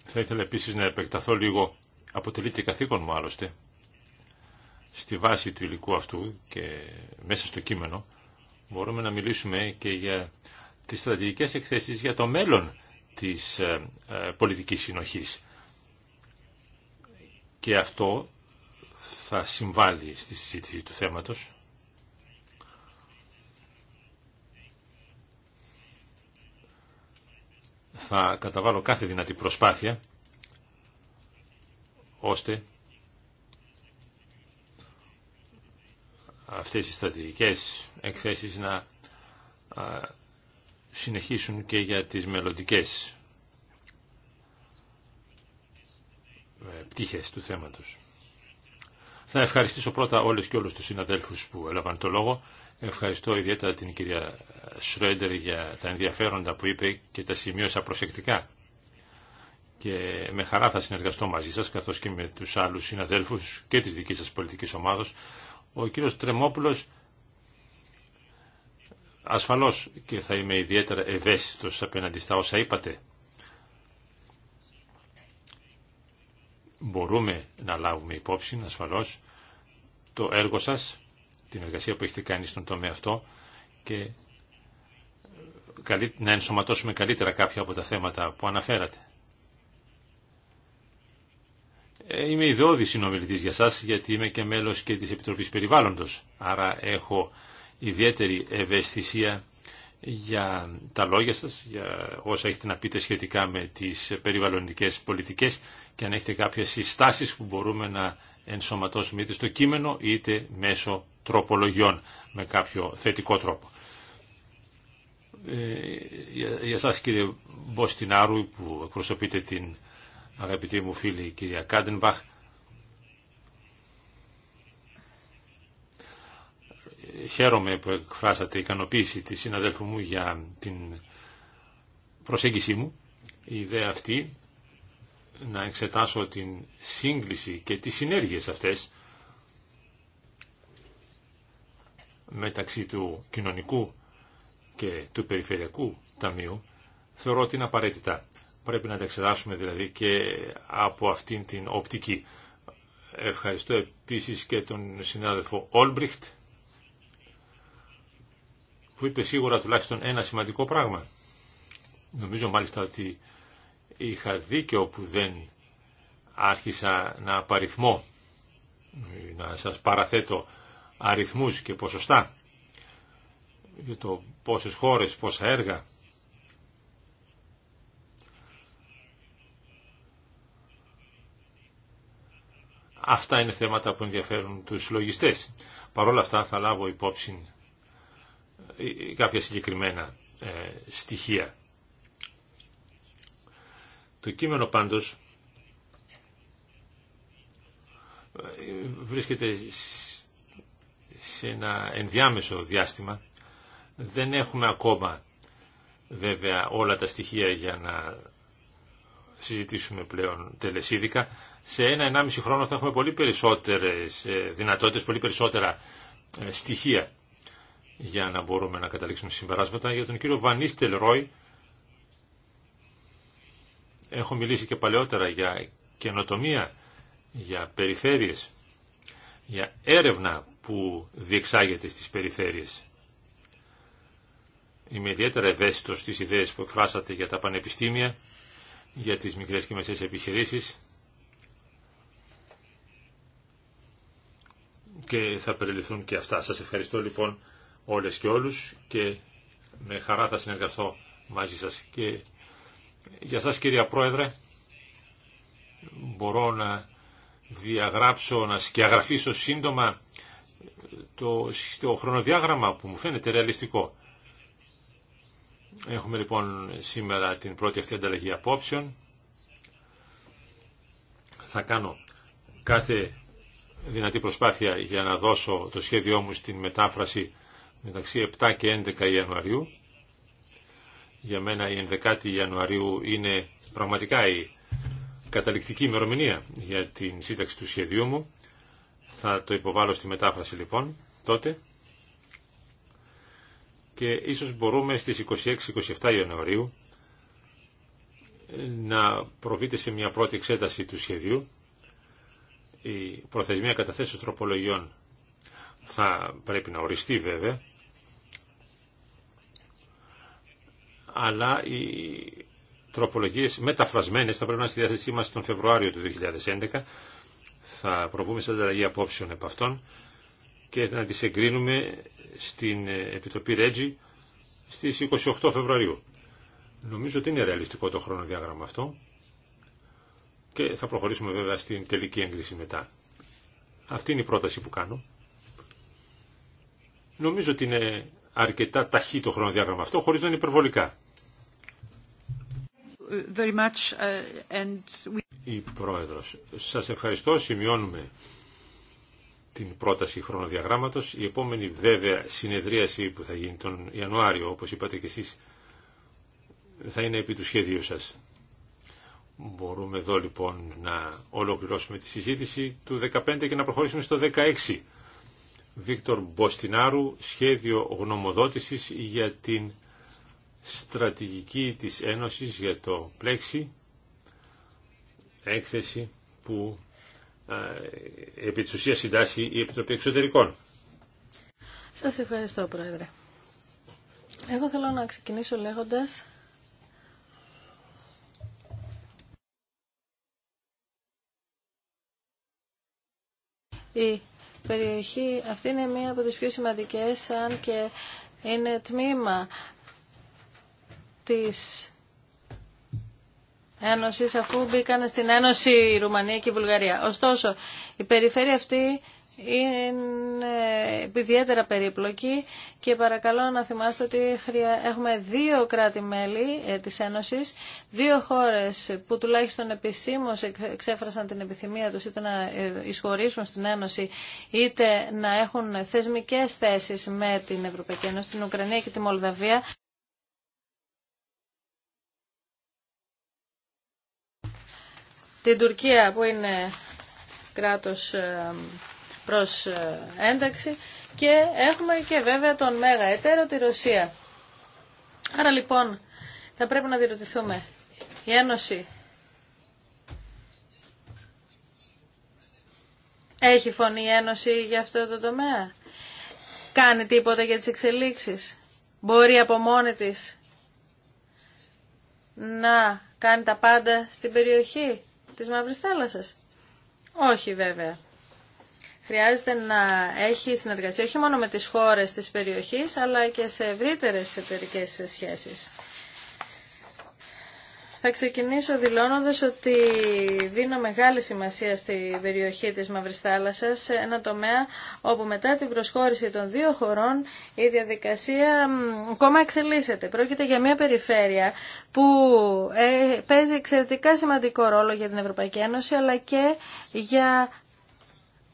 Θα ήθελα επίσης να επεκταθώ λίγο, αποτελεί και καθήκον μου άλλωστε, στη βάση του υλικού αυτού και μέσα στο κείμενο μπορούμε να μιλήσουμε και για τις στρατηγικές εκθέσεις για το μέλλον της ε, ε, πολιτικής συνοχής. Και αυτό θα συμβάλλει στη συζήτηση του θέματος. Θα καταβάλω κάθε δυνατή προσπάθεια ώστε αυτές οι στρατηγικές εκθέσεις να ε, συνεχίσουν και για τις μελλοντικέ ε, πτύχες του θέματος. Θα ευχαριστήσω πρώτα όλες και όλους τους συναδέλφους που έλαβαν το λόγο. Ευχαριστώ ιδιαίτερα την κυρία Σρέντερ για τα ενδιαφέροντα που είπε και τα σημείωσα προσεκτικά. Και με χαρά θα συνεργαστώ μαζί σας καθώς και με τους άλλους συναδέλφους και της δικής σας πολιτικής ομάδος. Ο κύριος Τρεμόπουλος Ασφαλώς και θα είμαι ιδιαίτερα ευαίσθητος απέναντι στα όσα είπατε. Μπορούμε να λάβουμε υπόψη, ασφαλώς, το έργο σας, την εργασία που έχετε κάνει στον τομέα αυτό και ε, να ενσωματώσουμε καλύτερα κάποια από τα θέματα που αναφέρατε. Ε, είμαι ιδιώδης συνομιλητής για σας γιατί είμαι και μέλος και της Επιτροπής Περιβάλλοντος, άρα έχω ιδιαίτερη ευαισθησία για τα λόγια σας, για όσα έχετε να πείτε σχετικά με τις περιβαλλοντικές πολιτικές και αν έχετε κάποιες συστάσεις που μπορούμε να ενσωματώσουμε είτε στο κείμενο είτε μέσω τροπολογιών με κάποιο θετικό τρόπο. Ε, για σας κύριε Μποστινάρου που εκπροσωπείτε την αγαπητή μου φίλη κυρία Κάντενμπαχ χαίρομαι που εκφράσατε ικανοποίηση της συναδέλφου μου για την προσέγγιση μου. Η ιδέα αυτή να εξετάσω την σύγκληση και τις συνέργειες αυτές μεταξύ του κοινωνικού και του περιφερειακού ταμείου θεωρώ ότι είναι απαραίτητα. Πρέπει να τα εξετάσουμε δηλαδή και από αυτήν την οπτική. Ευχαριστώ επίσης και τον συνάδελφο Όλμπριχτ που είπε σίγουρα τουλάχιστον ένα σημαντικό πράγμα. Νομίζω μάλιστα ότι είχα δίκιο που δεν άρχισα να απαριθμώ, να σας παραθέτω αριθμούς και ποσοστά για το πόσες χώρες, πόσα έργα. Αυτά είναι θέματα που ενδιαφέρουν τους λογιστές. Παρ' όλα αυτά θα λάβω υπόψη ε, κάποια συγκεκριμένα ε, στοιχεία. Το κείμενο πάντως ε, βρίσκεται σε ένα ενδιάμεσο διάστημα. Δεν έχουμε ακόμα βέβαια όλα τα στοιχεία για να συζητήσουμε πλέον τελεσίδικα. Σε ένα-ενάμιση χρόνο θα έχουμε πολύ περισσότερες δυνατότητες, πολύ περισσότερα στοιχεία για να μπορούμε να καταλήξουμε συμπεράσματα. Για τον κύριο Βανίστελ Ρόι έχω μιλήσει και παλαιότερα για καινοτομία, για περιφέρειες, για έρευνα που διεξάγεται στις περιφέρειες. Είμαι ιδιαίτερα ευαίσθητος στις ιδέες που εκφράσατε για τα πανεπιστήμια, για τις μικρές και μεσαίες επιχειρήσεις και θα περιληφθούν και αυτά. Σας ευχαριστώ λοιπόν όλες και όλους και με χαρά θα συνεργαστώ μαζί σας. Και για σας κυρία Πρόεδρε μπορώ να διαγράψω, να σκιαγραφίσω σύντομα το, το χρονοδιάγραμμα που μου φαίνεται ρεαλιστικό. Έχουμε λοιπόν σήμερα την πρώτη αυτή ανταλλαγή απόψεων. Θα κάνω κάθε δυνατή προσπάθεια για να δώσω το σχέδιό μου στην μετάφραση μεταξύ 7 και 11 Ιανουαρίου. Για μένα η 11η Ιανουαρίου είναι πραγματικά η καταληκτική ημερομηνία για την σύνταξη του σχεδίου μου. Θα το υποβάλω στη μετάφραση λοιπόν τότε. Και ίσως μπορούμε στις 26-27 Ιανουαρίου να προβείτε σε μια πρώτη εξέταση του σχεδίου. Η προθεσμία καταθέσεως τροπολογιών θα πρέπει να οριστεί βέβαια αλλά οι τροπολογίε μεταφρασμένε θα πρέπει να είναι στη διάθεσή μα τον Φεβρουάριο του 2011. Θα προβούμε σε ανταλλαγή απόψεων επ' αυτών και θα τις εγκρίνουμε στην Επιτροπή Ρέτζι στις 28 Φεβρουαρίου. Νομίζω ότι είναι ρεαλιστικό το χρονοδιάγραμμα αυτό και θα προχωρήσουμε βέβαια στην τελική έγκριση μετά. Αυτή είναι η πρόταση που κάνω. Νομίζω ότι είναι αρκετά ταχύ το χρονοδιάγραμμα αυτό, χωρίς να είναι υπερβολικά. Uh, Η Πρόεδρος, σας ευχαριστώ. Σημειώνουμε την πρόταση χρονοδιαγράμματος. Η επόμενη βέβαια συνεδρίαση που θα γίνει τον Ιανουάριο, όπως είπατε και εσείς, θα είναι επί του σχεδίου σας. Μπορούμε εδώ λοιπόν να ολοκληρώσουμε τη συζήτηση του 15 και να προχωρήσουμε στο 16. Βίκτορ Μποστινάρου, σχέδιο γνωμοδότησης για την στρατηγική της Ένωσης για το πλέξι, έκθεση που ε, επί της ουσίας συντάσσει η Επιτροπή Εξωτερικών. Σας ευχαριστώ, Πρόεδρε. Εγώ θέλω να ξεκινήσω λέγοντας η περιοχή αυτή είναι μία από τις πιο σημαντικές αν και είναι τμήμα της Ένωσης αφού μπήκαν στην Ένωση η Ρουμανία και η Βουλγαρία. Ωστόσο, η περιφέρεια αυτή είναι ιδιαίτερα περίπλοκη και παρακαλώ να θυμάστε ότι έχουμε δύο κράτη-μέλη ε, της Ένωσης, δύο χώρες που τουλάχιστον επισήμως εξέφρασαν την επιθυμία τους είτε να ε, εισχωρήσουν στην Ένωση είτε να έχουν θεσμικές θέσεις με την Ευρωπαϊκή Ένωση, την Ουκρανία και τη Μολδαβία. την Τουρκία που είναι κράτος ε, προς ε, ένταξη και έχουμε και βέβαια τον μέγα εταίρο τη Ρωσία. Άρα λοιπόν θα πρέπει να διερωτηθούμε η Ένωση έχει φωνή η Ένωση για αυτό το τομέα κάνει τίποτα για τις εξελίξεις μπορεί από μόνη της να κάνει τα πάντα στην περιοχή της Μαύρης Θάλασσας. Όχι βέβαια. Χρειάζεται να έχει συνεργασία όχι μόνο με τις χώρες της περιοχής, αλλά και σε ευρύτερες εταιρικέ σχέσεις. Θα ξεκινήσω δηλώνοντας ότι δίνω μεγάλη σημασία στη περιοχή της Μαύρης Θάλασσας, ένα τομέα όπου μετά την προσχώρηση των δύο χωρών η διαδικασία ακόμα εξελίσσεται. Πρόκειται για μια περιφέρεια που ε, παίζει εξαιρετικά σημαντικό ρόλο για την Ευρωπαϊκή Ένωση αλλά και για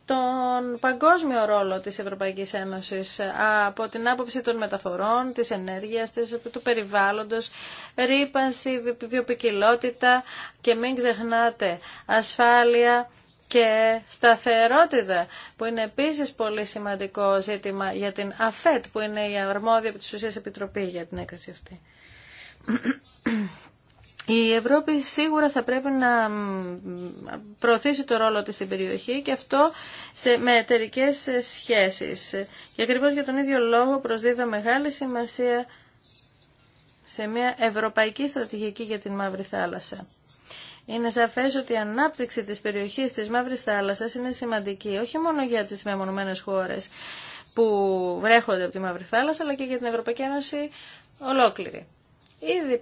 τον παγκόσμιο ρόλο της Ευρωπαϊκής Ένωσης ε, από την άποψη των μεταφορών, της ενέργειας, της, του περιβάλλοντος, ρήπανση, βιοπικιλότητα και μην ξεχνάτε ασφάλεια και σταθερότητα που είναι επίσης πολύ σημαντικό ζήτημα για την ΑΦΕΤ που είναι η αρμόδια της ουσίας επιτροπή για την έκθεση αυτή. Η Ευρώπη σίγουρα θα πρέπει να προωθήσει το ρόλο της στην περιοχή και αυτό σε, με εταιρικέ σχέσεις. Και ακριβώς για τον ίδιο λόγο προσδίδω μεγάλη σημασία σε μια ευρωπαϊκή στρατηγική για την Μαύρη Θάλασσα. Είναι σαφές ότι η ανάπτυξη της περιοχής της Μαύρης Θάλασσας είναι σημαντική όχι μόνο για τις μεμονωμένες χώρες που βρέχονται από τη Μαύρη Θάλασσα αλλά και για την Ευρωπαϊκή Ένωση ολόκληρη. Ήδη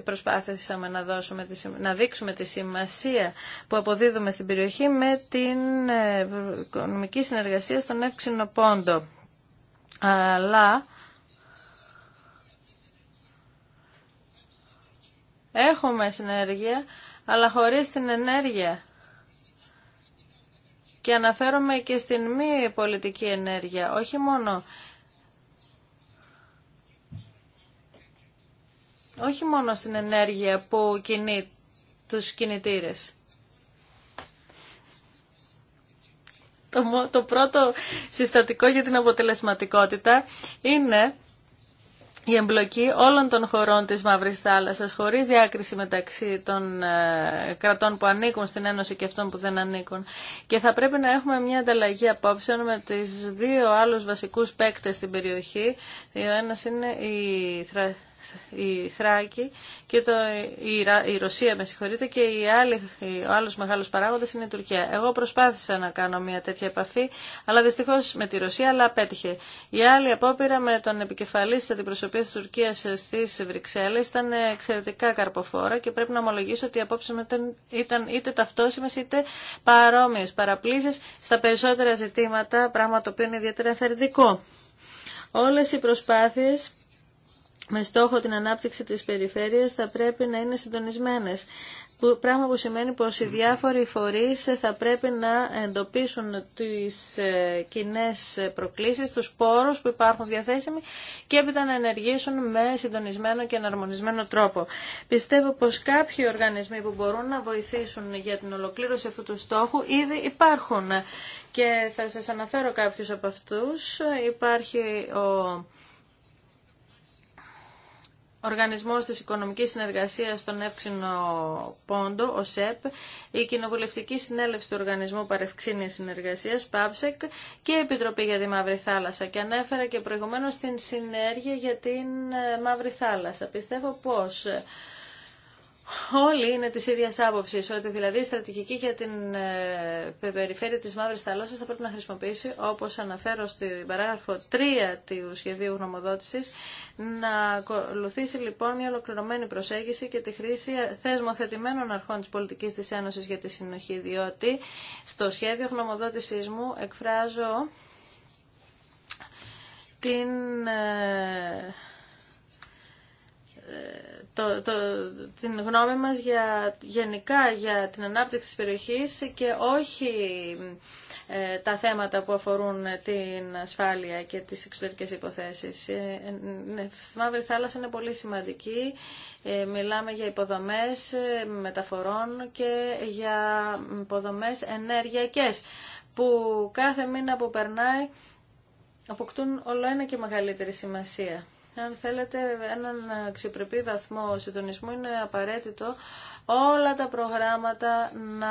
προσπάθησαμε να, δώσουμε να δείξουμε τη σημασία που αποδίδουμε στην περιοχή με την ε, οικονομική συνεργασία στον έξινο πόντο. Αλλά έχουμε συνέργεια, αλλά χωρίς την ενέργεια. Και αναφέρομαι και στην μη πολιτική ενέργεια, όχι μόνο όχι μόνο στην ενέργεια που κινεί τους κινητήρες. Το, το πρώτο συστατικό για την αποτελεσματικότητα είναι η εμπλοκή όλων των χωρών της Μαύρης Θάλασσας χωρίς διάκριση μεταξύ των ε, κρατών που ανήκουν στην Ένωση και αυτών που δεν ανήκουν. Και θα πρέπει να έχουμε μια ανταλλαγή απόψεων με τις δύο άλλους βασικούς παίκτες στην περιοχή. Ο ένας είναι η η Θράκη και το, η, η Ρωσία με συγχωρείτε και η άλλη, ο άλλος μεγάλος παράγοντας είναι η Τουρκία. Εγώ προσπάθησα να κάνω μια τέτοια επαφή αλλά δυστυχώς με τη Ρωσία αλλά απέτυχε. Η άλλη απόπειρα με τον επικεφαλή της αντιπροσωπείας της Τουρκίας στις Βρυξέλλες ήταν εξαιρετικά καρποφόρα και πρέπει να ομολογήσω ότι οι απόψεις ήταν, ήταν είτε ταυτόσιμες είτε παρόμοιες παραπλήσεις στα περισσότερα ζητήματα, πράγμα το οποίο είναι ιδιαίτερα θερμικό Όλες οι προσπάθειες με στόχο την ανάπτυξη της περιφέρειας θα πρέπει να είναι συντονισμένες. πράγμα που σημαίνει πως οι διάφοροι φορείς θα πρέπει να εντοπίσουν τις ε, κοινέ προκλήσεις, τους πόρους που υπάρχουν διαθέσιμοι και έπειτα να ενεργήσουν με συντονισμένο και εναρμονισμένο τρόπο. Πιστεύω πως κάποιοι οργανισμοί που μπορούν να βοηθήσουν για την ολοκλήρωση αυτού του στόχου ήδη υπάρχουν και θα σας αναφέρω κάποιους από αυτούς. Υπάρχει ο Οργανισμός της Οικονομικής Συνεργασίας στον Εύξηνο Πόντο, ο ΣΕΠ, η Κοινοβουλευτική Συνέλευση του Οργανισμού Παρευξήνης Συνεργασίας, ΠΑΠΣΕΚ και η Επιτροπή για τη Μαύρη Θάλασσα. Και ανέφερα και προηγουμένως την συνέργεια για την ε, Μαύρη Θάλασσα. Πιστεύω πως όλοι είναι της ίδια άποψη ότι δηλαδή η στρατηγική για την ε, περιφέρεια της μαύρη θαλάσσα θα πρέπει να χρησιμοποιήσει, όπως αναφέρω στην παράγραφο 3 του σχεδίου γνωμοδότησης, να ακολουθήσει λοιπόν μια ολοκληρωμένη προσέγγιση και τη χρήση θεσμοθετημένων αρχών τη πολιτικής της Ένωση για τη συνοχή, διότι στο σχέδιο γνωμοδότησή μου εκφράζω την ε, το, την γνώμη μας για, γενικά για την ανάπτυξη της περιοχής και όχι ε, τα θέματα που αφορούν την ασφάλεια και τις εξωτερικές υποθέσεις. Η ε, ε, Μαύρη Θάλασσα είναι πολύ σημαντική. μιλάμε για υποδομές μεταφορών και για υποδομές ενεργειακές που κάθε μήνα που περνάει αποκτούν όλο ένα και μεγαλύτερη σημασία αν θέλετε, έναν αξιοπρεπή βαθμό συντονισμού είναι απαραίτητο όλα τα προγράμματα να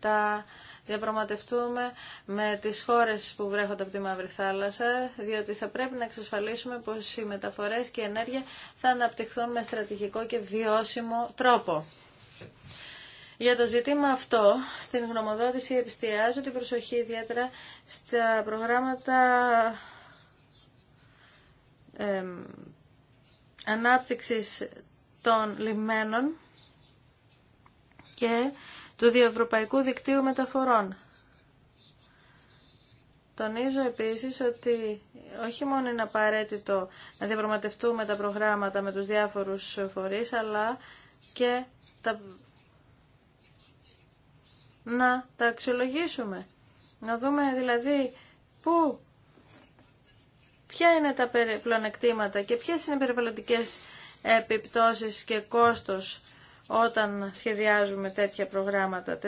τα διαπραγματευτούμε με τις χώρες που βρέχονται από τη Μαύρη Θάλασσα, διότι θα πρέπει να εξασφαλίσουμε πως οι μεταφορές και η ενέργεια θα αναπτυχθούν με στρατηγικό και βιώσιμο τρόπο. Για το ζήτημα αυτό, στην γνωμοδότηση επιστιάζω την προσοχή ιδιαίτερα στα προγράμματα ανάπτυξης των λιμένων και του διευρωπαϊκού δικτύου μεταφορών. Τονίζω επίσης ότι όχι μόνο είναι απαραίτητο να διαπραγματευτούμε τα προγράμματα με τους διάφορους φορείς, αλλά και τα... να τα αξιολογήσουμε. Να δούμε δηλαδή πού ποια είναι τα πλεονεκτήματα και ποιες είναι οι περιβαλλοντικές επιπτώσεις και κόστος όταν σχεδιάζουμε τέτοια προγράμματα.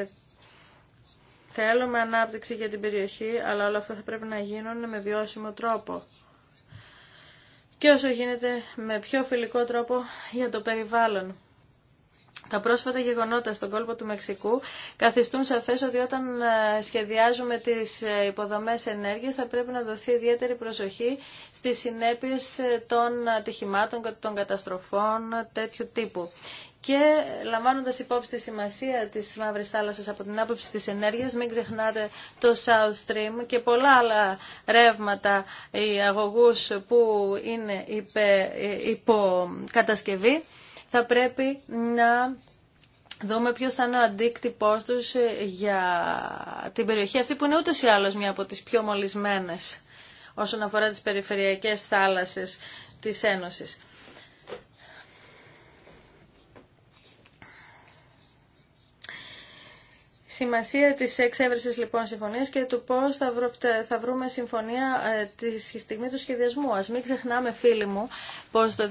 Θέλουμε ανάπτυξη για την περιοχή, αλλά όλα αυτά θα πρέπει να γίνουν με βιώσιμο τρόπο και όσο γίνεται με πιο φιλικό τρόπο για το περιβάλλον. Τα πρόσφατα γεγονότα στον κόλπο του Μεξικού καθιστούν σαφέ ότι όταν ε, σχεδιάζουμε τις ε, υποδομές ενέργειας θα πρέπει να δοθεί ιδιαίτερη προσοχή στις συνέπειες ε, των ατυχημάτων και των καταστροφών τέτοιου τύπου. Και λαμβάνοντας υπόψη τη σημασία της Μαύρης Θάλασσας από την άποψη της ενέργειας, μην ξεχνάτε το South Stream και πολλά άλλα ρεύματα ή αγωγούς που είναι υποκατασκευή θα πρέπει να δούμε ποιος θα είναι ο αντίκτυπός τους ε, για την περιοχή αυτή που είναι ούτως ή άλλως μια από τις πιο μολυσμένες όσον αφορά τις περιφερειακές θάλασσες της Ένωσης. Σημασία της εξέβρεσης λοιπόν συμφωνίας και του πώς θα, θα βρούμε συμφωνία ε, τη στιγμή του σχεδιασμού. Ας μην ξεχνάμε φίλοι μου πως το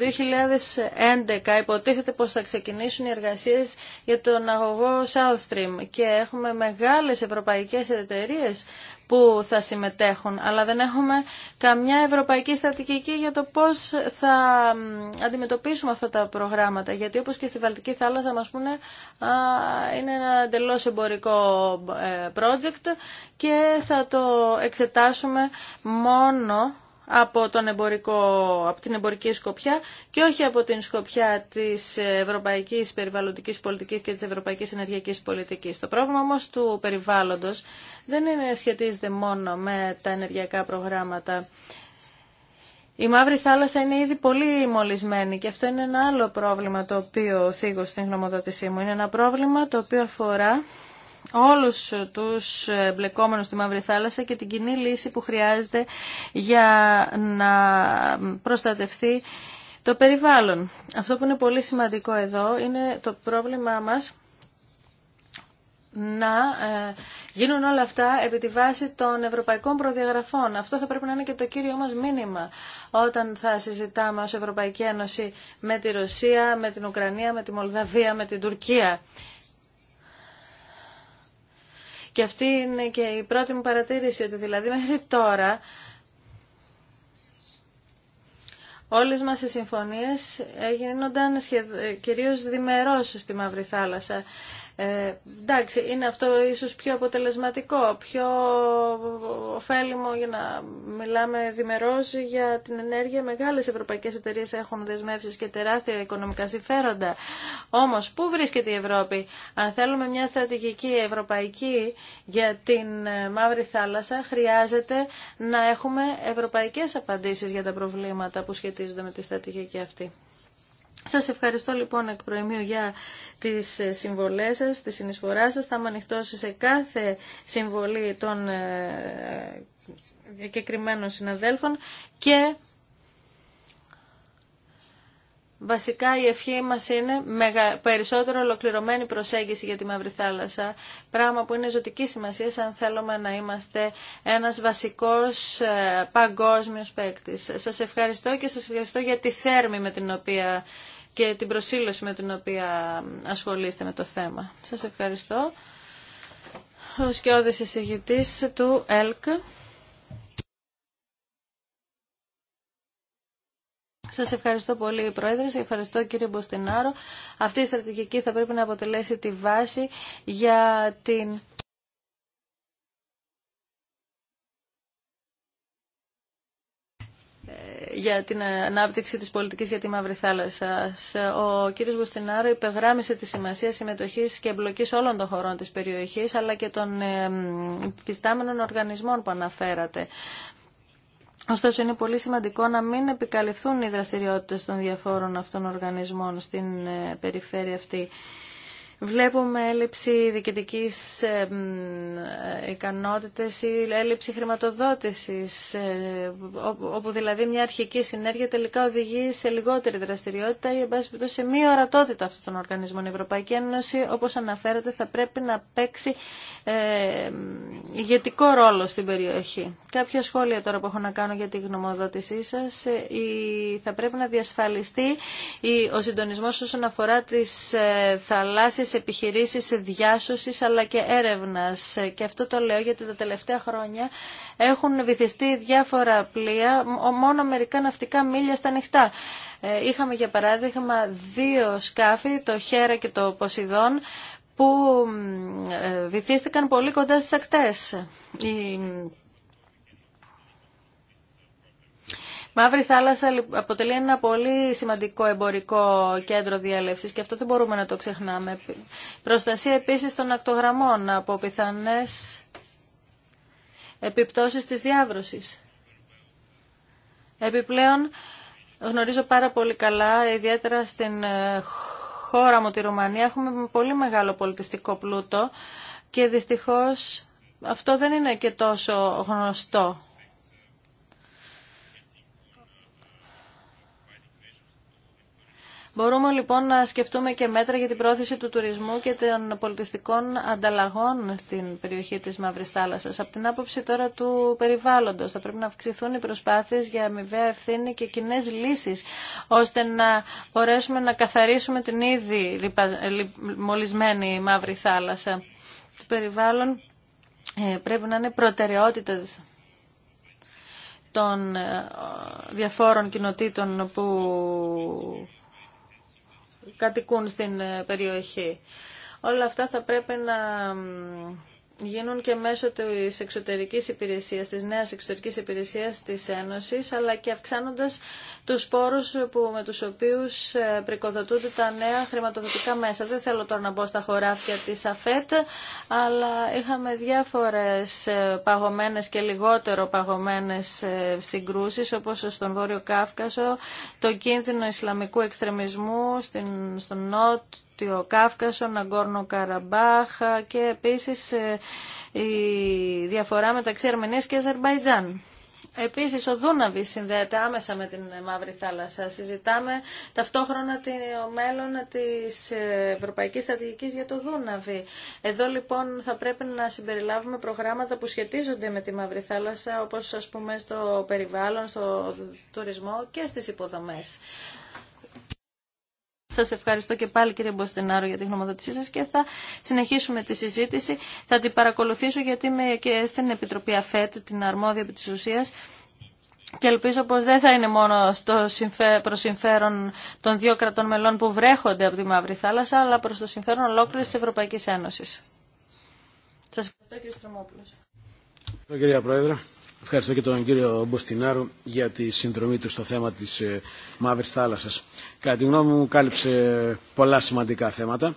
2011 υποτίθεται πως θα ξεκινήσουν οι εργασίες για τον αγωγό South Stream και έχουμε μεγάλες ευρωπαϊκές εταιρείες που θα συμμετέχουν, αλλά δεν έχουμε καμιά ευρωπαϊκή στρατηγική για το πώς θα αντιμετωπίσουμε αυτά τα προγράμματα. Γιατί όπως και στη Βαλτική θάλασσα μας πούνε είναι ένα εντελώ εμπορικό ε, project και θα το εξετάσουμε μόνο από, τον εμπορικό, από την εμπορική σκοπιά και όχι από την σκοπιά της ευρωπαϊκής περιβαλλοντικής πολιτικής και της ευρωπαϊκής ενεργειακής πολιτικής. Το πρόβλημα όμως του περιβάλλοντος δεν είναι, σχετίζεται μόνο με τα ενεργειακά προγράμματα. Η Μαύρη Θάλασσα είναι ήδη πολύ μολυσμένη και αυτό είναι ένα άλλο πρόβλημα το οποίο θίγω στην γνωμοδότησή μου. Είναι ένα πρόβλημα το οποίο αφορά όλους τους μπλεκόμενους στη Μαύρη Θάλασσα και την κοινή λύση που χρειάζεται για να προστατευτεί το περιβάλλον. Αυτό που είναι πολύ σημαντικό εδώ είναι το πρόβλημά μας να ε, γίνουν όλα αυτά επί τη βάση των ευρωπαϊκών προδιαγραφών. Αυτό θα πρέπει να είναι και το κύριο μας μήνυμα όταν θα συζητάμε ως Ευρωπαϊκή Ένωση με τη Ρωσία, με την Ουκρανία, με τη Μολδαβία, με την Τουρκία. Και αυτή είναι και η πρώτη μου παρατήρηση, ότι δηλαδή μέχρι τώρα όλες μας οι συμφωνίες έγιναν κυρίως διμερώς στη Μαύρη Θάλασσα. Ε, εντάξει, είναι αυτό ίσως πιο αποτελεσματικό, πιο ωφέλιμο για να μιλάμε διμερώς για την ενέργεια. Μεγάλες ευρωπαϊκές εταιρείες έχουν δεσμεύσεις και τεράστια οικονομικά συμφέροντα. Όμως, πού βρίσκεται η Ευρώπη. Αν θέλουμε μια στρατηγική ευρωπαϊκή για την ε, Μαύρη Θάλασσα, χρειάζεται να έχουμε ευρωπαϊκές απαντήσεις για τα προβλήματα που σχετίζονται με τη στρατηγική αυτή. Σας ευχαριστώ λοιπόν εκ προημίου για τις συμβολές σας, τη συνεισφορά σας. Θα είμαι ανοιχτό σε κάθε συμβολή των συγκεκριμένων συναδέλφων και Βασικά η ευχή μας είναι περισσότερο ολοκληρωμένη προσέγγιση για τη Μαύρη Θάλασσα, πράγμα που είναι ζωτική σημασία αν θέλουμε να είμαστε ένας βασικός ε, παγκόσμιος παίκτη. Σας ευχαριστώ και σας ευχαριστώ για τη θέρμη με την οποία και την προσήλωση με την οποία ασχολείστε με το θέμα. Σας ευχαριστώ. Ο σκιώδης εισηγητής του ΕΛΚ. Σας ευχαριστώ πολύ, Πρόεδρε. Σας ευχαριστώ, κύριε Μποστινάρο. Αυτή η στρατηγική θα πρέπει να αποτελέσει τη βάση για την... για την ανάπτυξη της πολιτικής για τη Μαύρη Θάλασσα. Ο κύριος Μποστινάρο υπεγράμισε τη σημασία συμμετοχής και εμπλοκής όλων των χωρών της περιοχής, αλλά και των πιστάμενων οργανισμών που αναφέρατε. Ωστόσο, είναι πολύ σημαντικό να μην επικαλυφθούν οι δραστηριότητες των διαφόρων αυτών οργανισμών στην ε, περιφέρεια αυτή. Βλέπουμε έλλειψη διοικητικής ικανότητες ή έλλειψη χρηματοδότησης, ε, όπου δηλαδή μια αρχική συνέργεια τελικά οδηγεί σε λιγότερη δραστηριότητα ή, εν πάση σε μία ορατότητα αυτών των οργανισμών. Η Ευρωπαϊκή Ένωση, εν σε μια ορατοτητα αυτων των αναφέρεται, θα πρέπει να παίξει ε, ηγετικό ρόλο στην περιοχή. Κάποια σχόλια τώρα που έχω να κάνω για τη γνωμοδότησή σας. Ε, θα πρέπει να διασφαλιστεί ο συντονισμός όσον αφορά τις θαλάσσιες τις επιχειρήσεις διάσωσης αλλά και έρευνας. Και αυτό το λέω γιατί τα τελευταία χρόνια έχουν βυθιστεί διάφορα πλοία, μόνο μερικά ναυτικά μίλια στα νυχτά. Ε, είχαμε για παράδειγμα δύο σκάφη, το Χέρα και το Ποσειδόν, που ε, βυθίστηκαν πολύ κοντά στις ακτές. Μαύρη Θάλασσα αποτελεί ένα πολύ σημαντικό εμπορικό κέντρο διαλευση και αυτό δεν μπορούμε να το ξεχνάμε. Προστασία επίση των ακτογραμμών από πιθανέ επιπτώσεις τη διάβρωση. Επιπλέον, γνωρίζω πάρα πολύ καλά, ιδιαίτερα στην ε, χώρα μου τη Ρουμανία, έχουμε πολύ μεγάλο πολιτιστικό πλούτο και δυστυχώς αυτό δεν είναι και τόσο γνωστό. Μπορούμε λοιπόν να σκεφτούμε και μέτρα για την πρόθεση του τουρισμού και των πολιτιστικών ανταλλαγών στην περιοχή της Μαύρης Θάλασσας. Από την άποψη τώρα του περιβάλλοντος θα πρέπει να αυξηθούν οι προσπάθειες για αμοιβαία ευθύνη και κοινέ λύσεις ώστε να μπορέσουμε να καθαρίσουμε την ήδη μολυσμένη Μαύρη Θάλασσα. Το περιβάλλον ε, πρέπει να είναι προτεραιότητα των ε, διαφόρων κοινοτήτων που κατοικούν στην ε, περιοχή. Όλα αυτά θα πρέπει να γίνουν και μέσω της εξωτερικής υπηρεσίας, της νέας εξωτερικής υπηρεσίας της Ένωσης, αλλά και αυξάνοντας τους πόρους που, με τους οποίους ε, πρικοδοτούνται τα νέα χρηματοδοτικά μέσα. Δεν θέλω τώρα να μπω στα χωράφια της ΑΦΕΤ, αλλά είχαμε διάφορες ε, παγωμένες και λιγότερο παγωμένες ε, συγκρούσεις, όπως στον Βόρειο Κάφκασο, το κίνδυνο Ισλαμικού εξτρεμισμού στην, στον Νότ, Νότιο Κάφκασο, Ναγκόρνο Καραμπάχα και επίσης ε, η διαφορά μεταξύ Αρμενίας και Αζερμπαϊτζάν. Επίσης ο Δούναβης συνδέεται άμεσα με την Μαύρη Θάλασσα. Συζητάμε ταυτόχρονα το μέλλον της ε, Ευρωπαϊκής Στρατηγικής για το Δούναβη. Εδώ λοιπόν θα πρέπει να συμπεριλάβουμε προγράμματα που σχετίζονται με τη Μαύρη Θάλασσα, όπως ας πούμε στο περιβάλλον, στο τουρισμό και στις υποδομές. Σα ευχαριστώ και πάλι κύριε Μποστινάρο για τη γνωμοδότησή σας και θα συνεχίσουμε τη συζήτηση. Θα την παρακολουθήσω γιατί είμαι και στην Επιτροπή ΑΦΕΤ, την αρμόδια επί τη ουσία. και ελπίζω πως δεν θα είναι μόνο στο προς συμφέρον των δύο κρατών μελών που βρέχονται από τη Μαύρη Θάλασσα, αλλά προς το συμφέρον ολόκληρη τη Ευρωπαϊκή Ένωση. Σα ευχαριστώ κύριε Στρομόπουλο. Ευχαριστώ Πρόεδρε. Ευχαριστώ και τον κύριο Μποστινάρου για τη συνδρομή του στο θέμα της ε, Μαύρης Θάλασσας. Κατά τη γνώμη μου κάλυψε ε, πολλά σημαντικά θέματα.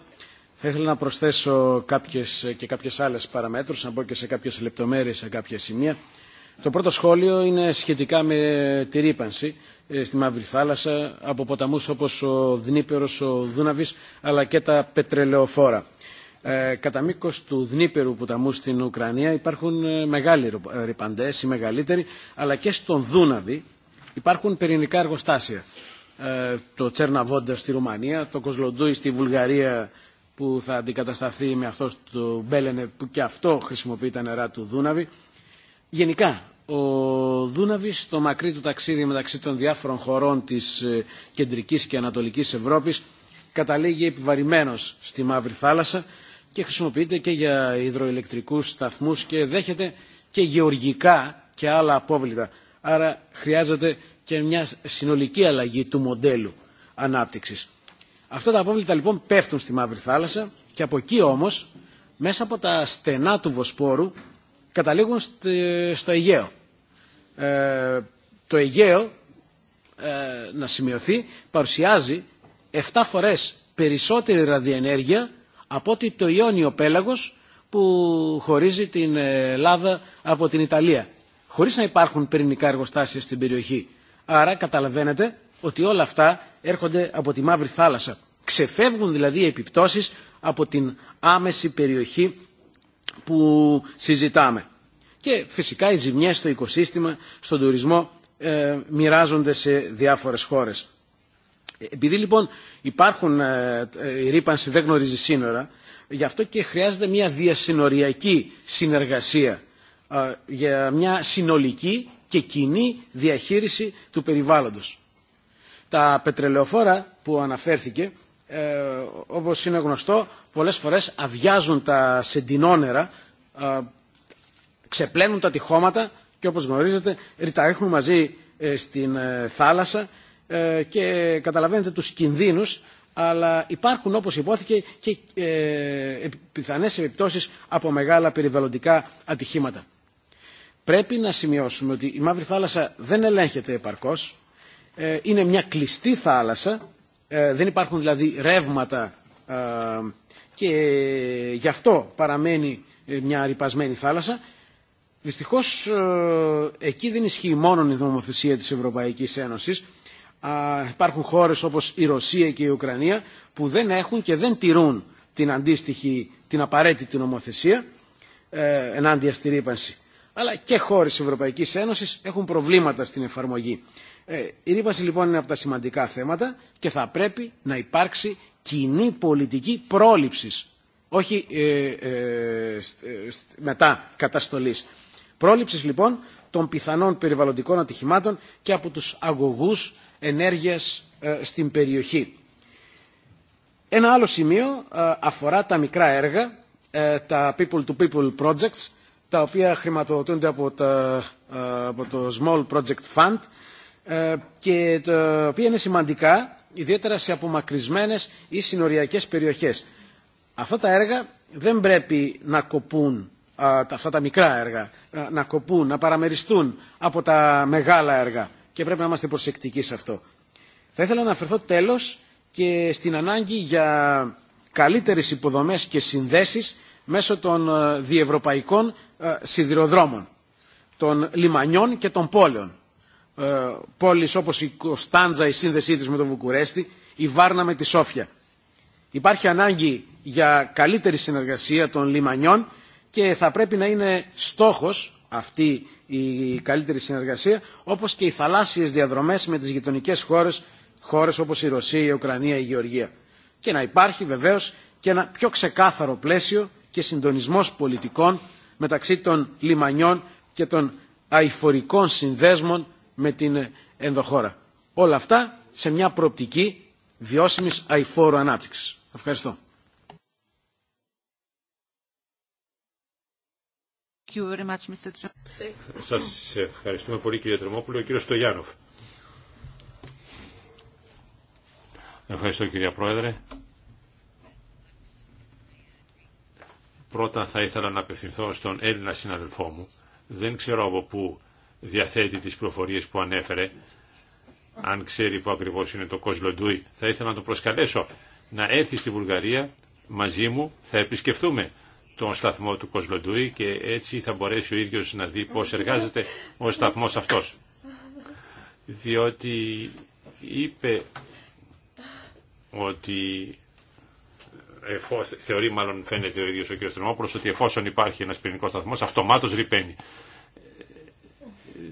Θα ήθελα να προσθέσω κάποιες ε, και κάποιες άλλες παραμέτρους, να μπω και σε κάποιες λεπτομέρειες, σε κάποια σημεία. Το πρώτο σχόλιο είναι σχετικά με τη ρήπανση στη Μαύρη Θάλασσα από ποταμούς όπως ο Δνήπερος, ο Δούναβης, αλλά και τα πετρελαιοφόρα. Ε, κατά μήκο του Δνήπερου ποταμού στην Ουκρανία υπάρχουν ε, μεγάλοι ε, ρηπαντέ, οι μεγαλύτεροι, αλλά και στον Δούναβη υπάρχουν πυρηνικά εργοστάσια. Το Τσέρναβόντα στη Ρουμανία, το Κοσλοντούι στη Βουλγαρία που θα αντικατασταθεί με αυτό το Μπέλενε που και αυτό χρησιμοποιεί τα νερά του Δούναβη. Γενικά, ο Δούναβης στο μακρύ του ταξίδι μεταξύ των διάφορων χωρών της κεντρικής και ανατολικής Ευρώπης καταλήγει επιβαρημένος στη Μαύρη Θάλασσα και χρησιμοποιείται και για υδροηλεκτρικούς σταθμούς και δέχεται και γεωργικά και άλλα απόβλητα. Άρα χρειάζεται και μια συνολική αλλαγή του μοντέλου ανάπτυξης. Αυτά τα απόβλητα λοιπόν πέφτουν στη Μαύρη Θάλασσα και από εκεί όμως μέσα από τα στενά του Βοσπόρου καταλήγουν στο Αιγαίο. Ε, το Αιγαίο, ε, να σημειωθεί, παρουσιάζει 7 φορές περισσότερη ραδιενέργεια από ότι το Ιόνιο πέλαγος που χωρίζει την Ελλάδα από την Ιταλία, χωρίς να υπάρχουν πυρηνικά εργοστάσια στην περιοχή. Άρα καταλαβαίνετε ότι όλα αυτά έρχονται από τη Μαύρη Θάλασσα. Ξεφεύγουν δηλαδή οι επιπτώσεις από την άμεση περιοχή που συζητάμε. Και φυσικά οι ζημιές στο οικοσύστημα, στον τουρισμό ε, μοιράζονται σε διάφορες χώρες. Επειδή λοιπόν υπάρχουν, ε, ε, η ρήπανση δεν γνωρίζει σύνορα, γι' αυτό και χρειάζεται μια διασυνοριακή συνεργασία ε, για μια συνολική και κοινή διαχείριση του περιβάλλοντος. Τα πετρελαιοφόρα που αναφέρθηκε, όπως είναι γνωστό, πολλές φορές αδειάζουν τα σεντινόνερα, ξεπλένουν τα τυχώματα και όπως γνωρίζετε ρηταρίχνουν μαζί στην θάλασσα ε, και καταλαβαίνετε τους κινδύνους αλλά υπάρχουν όπως υπόθηκε και ε, πιθανές επιπτώσεις από μεγάλα περιβαλλοντικά ατυχήματα. Πρέπει να σημειώσουμε ότι η Μαύρη Θάλασσα δεν ελέγχεται επαρκώς. Ε, είναι μια κλειστή θάλασσα, δεν υπάρχουν δηλαδή ρεύματα και γι' αυτό παραμένει μια ρυπασμένη θάλασσα. Δυστυχώς εκεί δεν ισχύει μόνο η νομοθεσία της Ευρωπαϊκής Ένωσης, υπάρχουν χώρες όπως η Ρωσία και η Ουκρανία που δεν έχουν και δεν τηρούν την αντίστοιχη, την απαραίτητη νομοθεσία ε, ενάντια στη ρήπανση. Αλλά και χώρες Ευρωπαϊκής Ένωσης έχουν προβλήματα στην εφαρμογή. Ε, η ρήπανση λοιπόν είναι από τα σημαντικά θέματα και θα πρέπει να υπάρξει κοινή πολιτική πρόληψης, όχι ε, μετά καταστολής. Πρόληψης λοιπόν των πιθανών περιβαλλοντικών ατυχημάτων και από τους αγωγούς ενέργειας ε, στην περιοχή. Ένα άλλο σημείο ε, αφορά τα μικρά έργα, ε, τα people-to-people projects, τα οποία χρηματοδοτούνται από, το Small Project Fund και τα οποία είναι σημαντικά, ιδιαίτερα σε απομακρυσμένες ή συνοριακές περιοχές. Αυτά τα έργα δεν πρέπει να κοπούν, αυτά τα μικρά έργα, να κοπούν, να παραμεριστούν από τα μεγάλα έργα και πρέπει να είμαστε προσεκτικοί σε αυτό. Θα ήθελα να αναφερθώ τέλος και στην ανάγκη για καλύτερες υποδομές και συνδέσεις μέσω των ε, διευρωπαϊκών ε, σιδηροδρόμων, των λιμανιών και των πόλεων. Ε, πόλεις όπως η Κωνσταντζα, η σύνδεσή της με τον Βουκουρέστι, η Βάρνα με τη Σόφια. Υπάρχει ανάγκη για καλύτερη συνεργασία των λιμανιών και θα πρέπει να είναι στόχος αυτή η καλύτερη συνεργασία, όπως και οι θαλάσσιες διαδρομές με τις γειτονικές χώρες, χώρες όπως η Ρωσία, η Ουκρανία, η Γεωργία. Και να υπάρχει βεβαίως και ένα πιο ξεκάθαρο πλαίσιο και συντονισμός πολιτικών μεταξύ των λιμανιών και των αηφορικών συνδέσμων με την ενδοχώρα. Όλα αυτά σε μια προοπτική βιώσιμης αηφόρου ανάπτυξης. Ευχαριστώ. Σας ευχαριστούμε πολύ κύριε Τρεμόπουλο. Ο κύριος Στογιάνοφ. Ευχαριστώ κύριε Πρόεδρε. Πρώτα θα ήθελα να απευθυνθώ στον Έλληνα συναδελφό μου. Δεν ξέρω από πού διαθέτει τις προφορίες που ανέφερε. Αν ξέρει που ακριβώς είναι το Κοσλοντούι, θα ήθελα να το προσκαλέσω να έρθει στη Βουλγαρία μαζί μου, θα επισκεφθούμε τον σταθμό του Κοσλοντούι και έτσι θα μπορέσει ο ίδιος να δει πώς εργάζεται ο σταθμός αυτός. Διότι είπε ότι θεωρεί μάλλον φαίνεται ο ίδιος ο κ. Τρομόπουλος ότι εφόσον υπάρχει ένας πυρηνικός σταθμός αυτομάτως ρηπαίνει.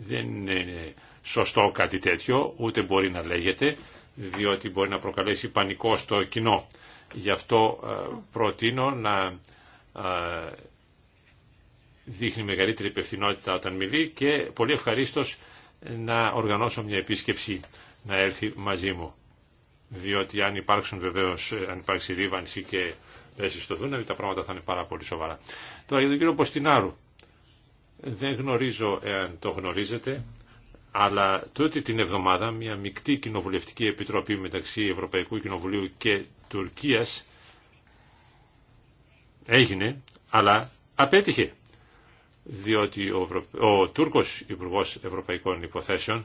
Δεν είναι σωστό κάτι τέτοιο, ούτε μπορεί να λέγεται, διότι μπορεί να προκαλέσει πανικό στο κοινό. Γι' αυτό ε, προτείνω να δείχνει μεγαλύτερη υπευθυνότητα όταν μιλεί και πολύ ευχαρίστω να οργανώσω μια επίσκεψη να έρθει μαζί μου. Διότι αν υπάρξουν βεβαίω, ε, αν υπάρξει ρίβανση και πέσει στο δούναβι, τα πράγματα θα είναι πάρα πολύ σοβαρά. Τώρα για τον κύριο Ποστινάρου. Δεν γνωρίζω εάν το γνωρίζετε, αλλά τούτη την εβδομάδα μια μεικτή κοινοβουλευτική επιτροπή μεταξύ Ευρωπαϊκού Κοινοβουλίου και Τουρκίας Έγινε, αλλά απέτυχε. Διότι ο, ο Τούρκος Υπουργός Ευρωπαϊκών Υποθέσεων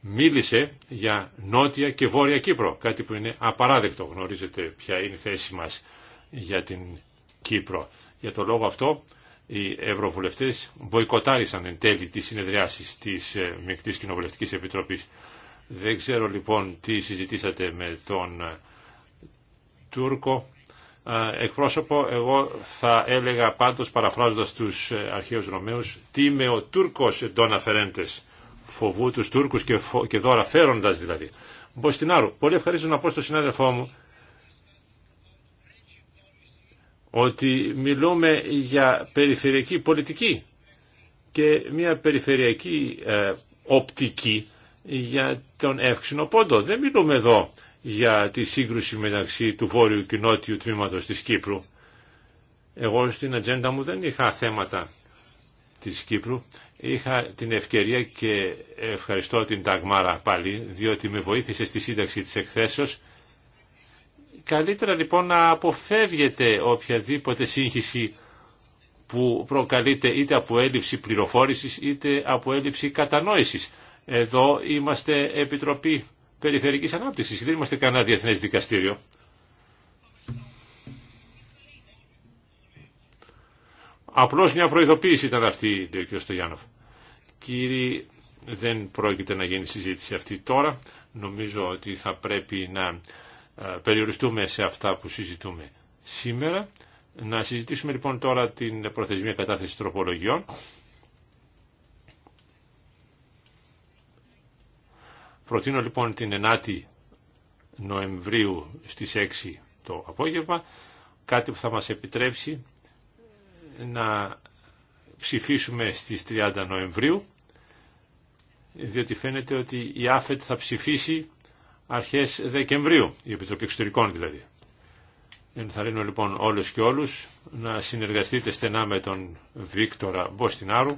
μίλησε για Νότια και Βόρεια Κύπρο, κάτι που είναι απαράδεκτο. Γνωρίζετε ποια είναι η θέση μας για την Κύπρο. Για τον λόγο αυτό οι ευρωβουλευτές μποϊκοτάρισαν εν τέλει τις συνεδριάσεις της ε, Μεκτής Κοινοβουλευτικής Επιτροπής. Δεν ξέρω λοιπόν τι συζητήσατε με τον ε, Τούρκο ε, εκπρόσωπο, εγώ θα έλεγα πάντως παραφράζοντας τους ε, αρχαίους Ρωμαίους, τι με ο Τούρκος εντών αφαιρέντες φοβού τους Τούρκους και, φο... και δώρα φέροντας δηλαδή. Μποστινάρου, πολύ ευχαρίστω να πω στον συνάδελφό μου ότι μιλούμε για περιφερειακή πολιτική και μια περιφερειακή ε, οπτική για τον εύξηνο πόντο. Δεν μιλούμε εδώ για τη σύγκρουση μεταξύ του βόρειου και νότιου τμήματος της Κύπρου. Εγώ στην ατζέντα μου δεν είχα θέματα της Κύπρου. Είχα την ευκαιρία και ευχαριστώ την Ταγμάρα πάλι, διότι με βοήθησε στη σύνταξη της εκθέσεως. Καλύτερα λοιπόν να αποφεύγεται οποιαδήποτε σύγχυση που προκαλείται είτε από έλλειψη πληροφόρησης είτε από έλλειψη κατανόησης. Εδώ είμαστε Επιτροπή περιφερικής ανάπτυξης. Δεν είμαστε κανένα διεθνές δικαστήριο. Απλώς μια προειδοποίηση ήταν αυτή, λέει ο κ. Στογιάννοφ. Κύριοι, δεν πρόκειται να γίνει συζήτηση αυτή τώρα. Νομίζω ότι θα πρέπει να ε, περιοριστούμε σε αυτά που συζητούμε σήμερα. Να συζητήσουμε λοιπόν τώρα την προθεσμία κατάθεση τροπολογιών. Προτείνω λοιπόν την 9η Νοεμβρίου στις 6 το απόγευμα, κάτι που θα μας επιτρέψει να ψηφίσουμε στις 30 Νοεμβρίου, διότι φαίνεται ότι η ΑΦΕΤ θα ψηφίσει αρχές Δεκεμβρίου, η Επιτροπή Εξωτερικών δηλαδή. Ενθαρρύνω λοιπόν όλους και όλους να συνεργαστείτε στενά με τον Βίκτορα Μποστινάρου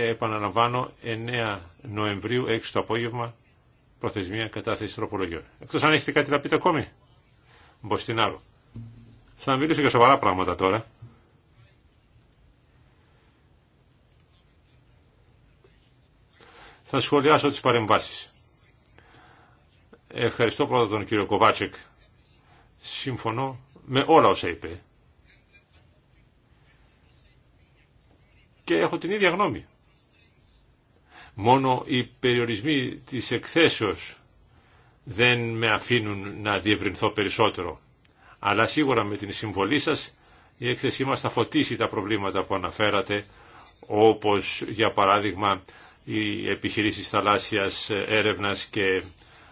επαναλαμβάνω, 9 Νοεμβρίου, 6 το απόγευμα, προθεσμία κατάθεση τροπολογιών. Εκτός αν έχετε κάτι να πείτε ακόμη. Μποστινάρο. Θα μιλήσω για σοβαρά πράγματα τώρα. Θα σχολιάσω τις παρεμβάσεις. Ευχαριστώ πρώτα τον κύριο Κοβάτσεκ. Συμφωνώ με όλα όσα είπε. Και έχω την ίδια γνώμη. Μόνο οι περιορισμοί της εκθέσεως δεν με αφήνουν να διευρυνθώ περισσότερο. Αλλά σίγουρα με την συμβολή σας η έκθεσή μας θα φωτίσει τα προβλήματα που αναφέρατε, όπως για παράδειγμα οι επιχειρήσεις θαλάσσιας έρευνας και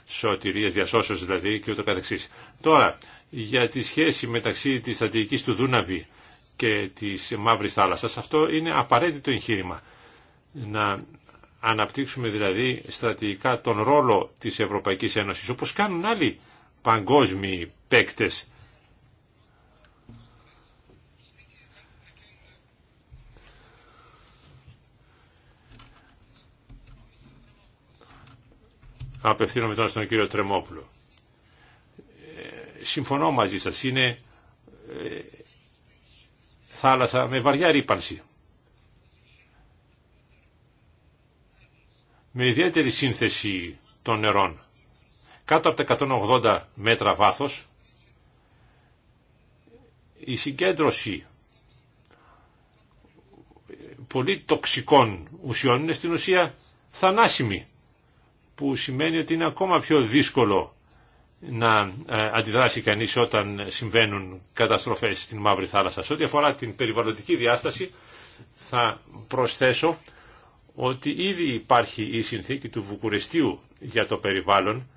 σωτηρίας, διασώσεως δηλαδή και ούτω καθεξής. Τώρα, για τη σχέση μεταξύ της στρατηγικής του Δούναβη και της Μαύρης Θάλασσας, αυτό είναι απαραίτητο εγχείρημα. Να αναπτύξουμε δηλαδή στρατηγικά τον ρόλο της Ευρωπαϊκής Ένωσης, όπως κάνουν άλλοι παγκόσμιοι παίκτες. Απευθύνομαι τώρα στον κύριο Τρεμόπουλο. Ε, συμφωνώ μαζί σας, είναι ε, θάλασσα με βαριά ρήπανση. με ιδιαίτερη σύνθεση των νερών. Κάτω από τα 180 μέτρα βάθος, η συγκέντρωση πολύ τοξικών ουσιών είναι στην ουσία θανάσιμη, που σημαίνει ότι είναι ακόμα πιο δύσκολο να ε, αντιδράσει κανείς όταν συμβαίνουν καταστροφές στην Μαύρη Θάλασσα. Σε ό,τι αφορά την περιβαλλοντική διάσταση θα προσθέσω ότι ήδη υπάρχει η συνθήκη του Βουκουρεστίου για το περιβάλλον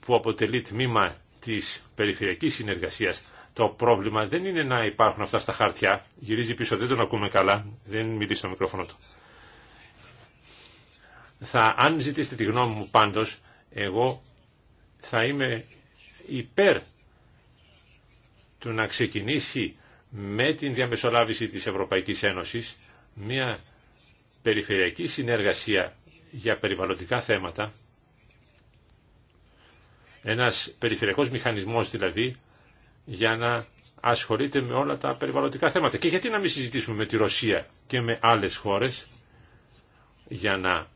που αποτελεί τμήμα της περιφερειακής συνεργασίας. Το πρόβλημα δεν είναι να υπάρχουν αυτά στα χαρτιά. Γυρίζει πίσω, δεν τον ακούμε καλά. Δεν μιλήσει στο μικρόφωνο του. Θα, αν ζητήσετε τη γνώμη μου πάντως, εγώ θα είμαι υπέρ του να ξεκινήσει με την διαμεσολάβηση της Ευρωπαϊκής Ένωσης μια περιφερειακή συνεργασία για περιβαλλοντικά θέματα, ένας περιφερειακός μηχανισμός δηλαδή, για να ασχολείται με όλα τα περιβαλλοντικά θέματα. Και γιατί να μην συζητήσουμε με τη Ρωσία και με άλλες χώρες, για να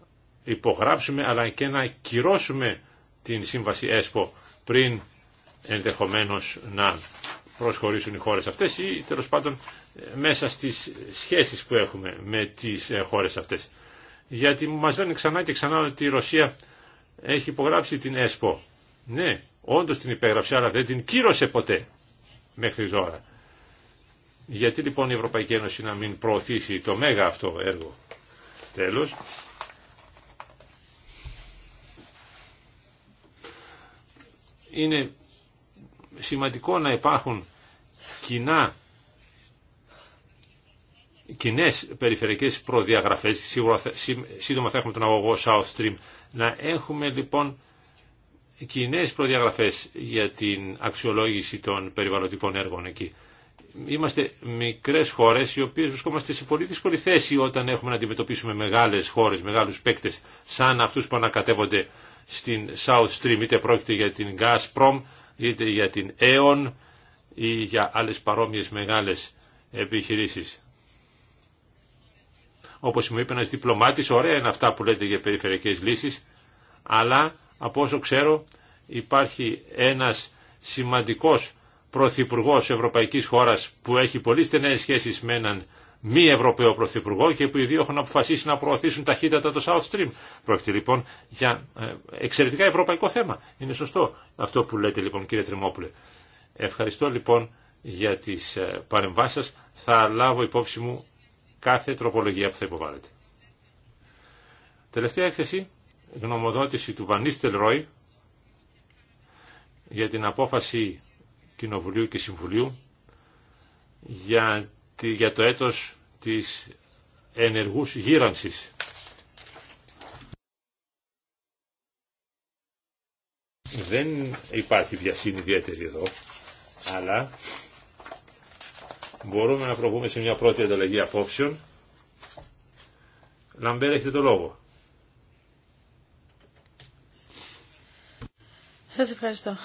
υπογράψουμε αλλά και να κυρώσουμε την σύμβαση ΕΣΠΟ πριν ενδεχομένως να προσχωρήσουν οι χώρες αυτές ή τέλος πάντων μέσα στις σχέσεις που έχουμε με τις ε, χώρες αυτές. Γιατί μας λένε ξανά και ξανά ότι η Ρωσία έχει υπογράψει την ΕΣΠΟ. Ναι, όντως την υπέγραψε, αλλά δεν την κύρωσε ποτέ μέχρι τώρα. Γιατί λοιπόν η Ευρωπαϊκή Ένωση να μην προωθήσει το μέγα αυτό έργο. Τέλος. Είναι σημαντικό να υπάρχουν κοινά κοινέ περιφερειακές προδιαγραφέ, σίγουρα σύντομα θα έχουμε τον αγωγό South Stream, να έχουμε λοιπόν κοινέ προδιαγραφέ για την αξιολόγηση των περιβαλλοντικών έργων εκεί. Είμαστε μικρέ χώρε οι οποίε βρισκόμαστε σε πολύ δύσκολη θέση όταν έχουμε να αντιμετωπίσουμε μεγάλε χώρε, μεγάλου παίκτε, σαν αυτού που ανακατεύονται στην South Stream, είτε πρόκειται για την Gazprom, είτε για την Aeon ή για άλλες παρόμοιες μεγάλες επιχειρήσεις. Όπω μου είπε ένα διπλωμάτη, ωραία είναι αυτά που λέτε για περιφερειακές λύσει, αλλά από όσο ξέρω υπάρχει ένα σημαντικό Πρωθυπουργό Ευρωπαϊκή χώρα που έχει πολύ στενέ σχέσει με έναν μη Ευρωπαίο Πρωθυπουργό και που οι δύο έχουν αποφασίσει να προωθήσουν ταχύτατα το South Stream. Πρόκειται λοιπόν για ε, εξαιρετικά ευρωπαϊκό θέμα. Είναι σωστό αυτό που λέτε λοιπόν κύριε Τριμόπουλε. Ευχαριστώ λοιπόν για τις ε, παρεμβάσεις σας. Θα λάβω υπόψη μου κάθε τροπολογία που θα υποβάλλεται. Τελευταία έκθεση, γνωμοδότηση του Βανίστελ Ρόι για την απόφαση Κοινοβουλίου και Συμβουλίου για, για το έτος της ενεργούς γύρανσης. Δεν υπάρχει βιασύνη ιδιαίτερη εδώ, αλλά μπορούμε να προβούμε σε μια πρώτη ανταλλαγή απόψεων. Λαμπέρ, έχετε το λόγο. Σας ευχαριστώ.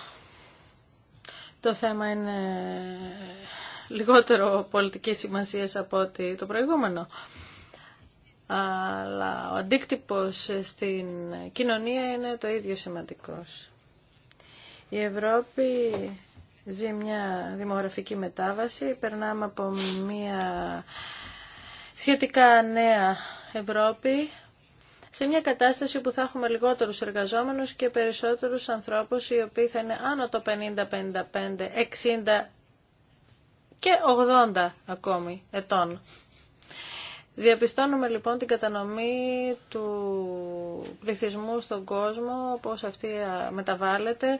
Το θέμα είναι λιγότερο πολιτικής σημασίας από ότι το προηγούμενο. Αλλά ο αντίκτυπος στην κοινωνία είναι το ίδιο σημαντικός. Η Ευρώπη ζει μια δημογραφική μετάβαση. Περνάμε από μια σχετικά νέα Ευρώπη σε μια κατάσταση που θα έχουμε λιγότερους εργαζόμενους και περισσότερους ανθρώπους οι οποίοι θα είναι άνω το 50, 55, 60 και 80 ακόμη ετών. Διαπιστώνουμε λοιπόν την κατανομή του πληθυσμού στον κόσμο, πώς αυτή μεταβάλλεται.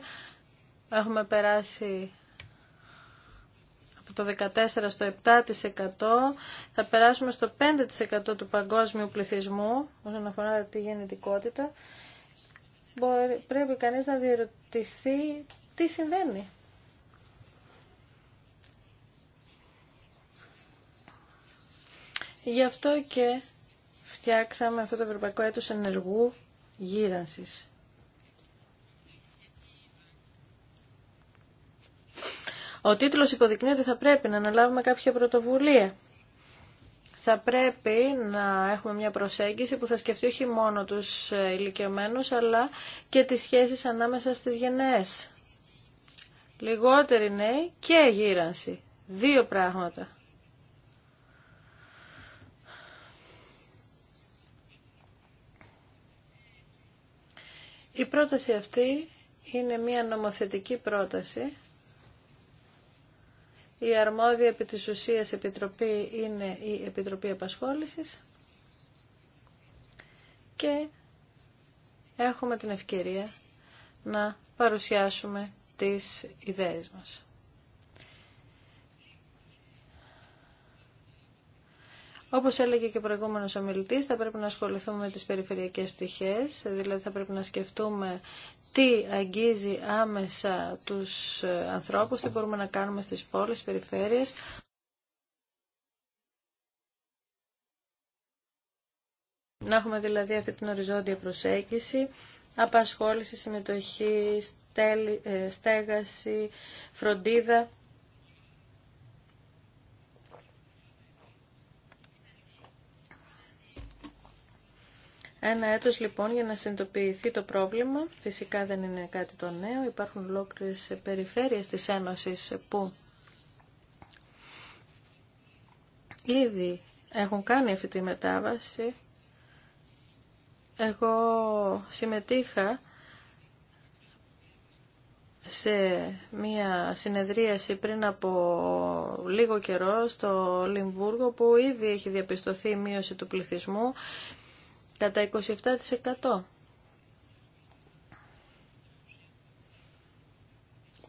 Έχουμε περάσει το 14% στο 7%, θα περάσουμε στο 5% του παγκόσμιου πληθυσμού, όσον αφορά τη γεννητικότητα, πρέπει κανείς να διερωτηθεί τι συμβαίνει. Γι' αυτό και φτιάξαμε αυτό το Ευρωπαϊκό Έτος Ενεργού Γύρανσης. Ο τίτλος υποδεικνύει ότι θα πρέπει να αναλάβουμε κάποια πρωτοβουλία. Θα πρέπει να έχουμε μια προσέγγιση που θα σκεφτεί όχι μόνο τους ε, ηλικιωμένους, αλλά και τις σχέσεις ανάμεσα στις γενναίες. Λιγότεροι νέοι και γύρανση. Δύο πράγματα. Η πρόταση αυτή είναι μια νομοθετική πρόταση η αρμόδια επί της ουσίας επιτροπή είναι η Επιτροπή Επασχόλησης και έχουμε την ευκαιρία να παρουσιάσουμε τις ιδέες μας. Όπως έλεγε και ο προηγούμενος ομιλητής, θα πρέπει να ασχοληθούμε με τις περιφερειακές πτυχές, δηλαδή θα πρέπει να σκεφτούμε τι αγγίζει άμεσα τους ε, ανθρώπους, τι μπορούμε να κάνουμε στις πόλεις, περιφέρειες. Να έχουμε δηλαδή αυτή την οριζόντια προσέγγιση, απασχόληση, συμμετοχή, ε, στέγαση, φροντίδα. Ένα έτος λοιπόν για να συνειδητοποιηθεί το πρόβλημα. Φυσικά δεν είναι κάτι το νέο. Υπάρχουν ολόκληρε περιφέρειες της Ένωσης που ήδη έχουν κάνει αυτή τη μετάβαση. Εγώ συμμετείχα σε μία συνεδρίαση πριν από λίγο καιρό στο Λιμβούργο που ήδη έχει διαπιστωθεί η μείωση του πληθυσμού κατά 27%.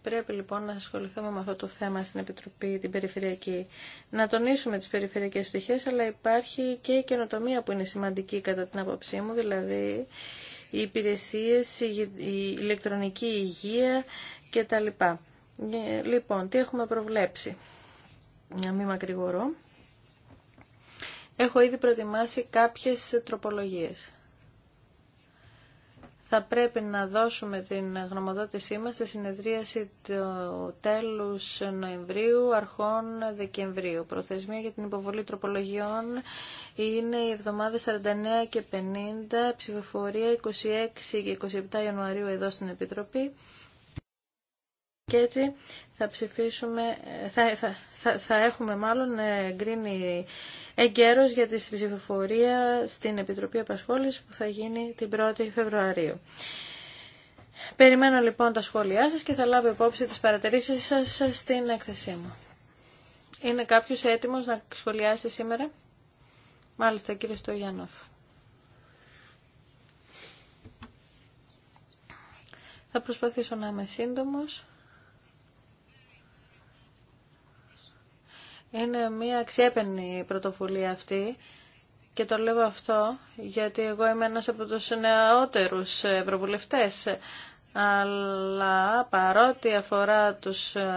Πρέπει λοιπόν να ασχοληθούμε με αυτό το θέμα στην Επιτροπή την Περιφερειακή. Να τονίσουμε τις περιφερειακές πτυχές, αλλά υπάρχει και η καινοτομία που είναι σημαντική κατά την άποψή μου, δηλαδή οι υπηρεσίες, η ηλεκτρονική υγεία κτλ. Ε, λοιπόν, τι έχουμε προβλέψει. Να μην μακρηγορώ έχω ήδη προετοιμάσει κάποιες τροπολογίες. Θα πρέπει να δώσουμε την γνωμοδότησή μας σε συνεδρίαση το τέλους Νοεμβρίου, αρχών Δεκεμβρίου. Προθεσμία για την υποβολή τροπολογιών είναι η εβδομάδα 49 και 50, ψηφοφορία 26 και 27 Ιανουαρίου εδώ στην Επιτροπή και έτσι θα ψηφίσουμε, θα, έχουμε μάλλον ε, γκρίνει εγκαίρος για τη ψηφοφορία στην Επιτροπή Απασχόλησης που θα γίνει την 1η Φεβρουαρίου. Περιμένω λοιπόν τα σχόλιά σας και θα λάβω υπόψη τις παρατηρήσεις σας στην έκθεσή μου. Είναι κάποιος έτοιμος να σχολιάσει σήμερα? Μάλιστα, κύριε Στογιανόφ. Θα προσπαθήσω να είμαι σύντομος. Είναι μια ξέπαινη πρωτοβουλία αυτή και το λέω αυτό γιατί εγώ είμαι ένας από τους νεότερους ευρωβουλευτές αλλά παρότι αφορά τους ε,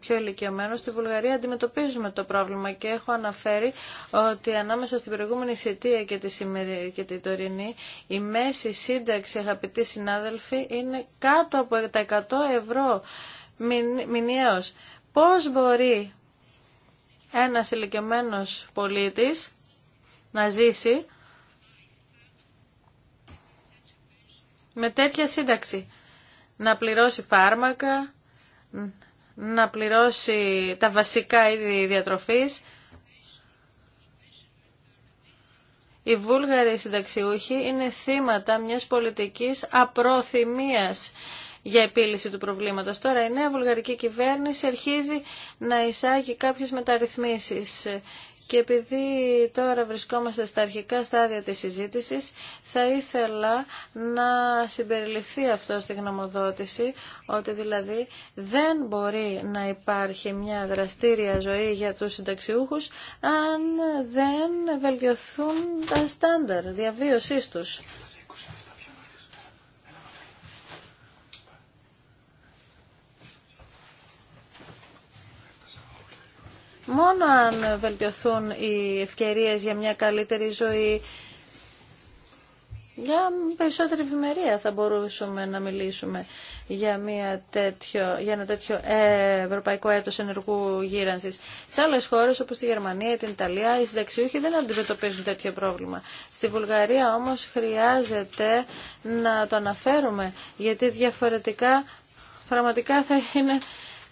πιο ηλικιωμένους στη Βουλγαρία αντιμετωπίζουμε το πρόβλημα και έχω αναφέρει ότι ανάμεσα στην προηγούμενη θητεία και τη, σημερι... και τη τωρινή η μέση σύνταξη αγαπητοί συνάδελφοι είναι κάτω από τα 100 ευρώ μηνιαίως. Πώς μπορεί ένας ηλικιωμένος πολίτης να ζήσει με τέτοια σύνταξη. Να πληρώσει φάρμακα, να πληρώσει τα βασικά είδη διατροφής. Οι Βούλγαροι συνταξιούχοι είναι θύματα μιας πολιτικής απροθυμίας για επίλυση του προβλήματος. Τώρα η νέα βουλγαρική κυβέρνηση αρχίζει να εισάγει κάποιες μεταρρυθμίσεις και επειδή τώρα βρισκόμαστε στα αρχικά στάδια της συζήτησης, θα ήθελα να συμπεριληφθεί αυτό στη γνωμοδότηση, ότι δηλαδή δεν μπορεί να υπάρχει μια δραστήρια ζωή για τους συνταξιούχους αν δεν βελτιωθούν τα στάνταρ διαβίωσής τους. Μόνο αν βελτιωθούν οι ευκαιρίες για μια καλύτερη ζωή, για περισσότερη ευημερία θα μπορούσαμε να μιλήσουμε για, μια τέτοιο, για ένα τέτοιο ε, ευρωπαϊκό έτος ενεργού γύρανσης. Σε άλλες χώρες όπως τη Γερμανία ή την Ιταλία οι συνταξιούχοι δεν αντιμετωπίζουν τέτοιο πρόβλημα. Στη Βουλγαρία όμως χρειάζεται να το αναφέρουμε γιατί διαφορετικά πραγματικά θα είναι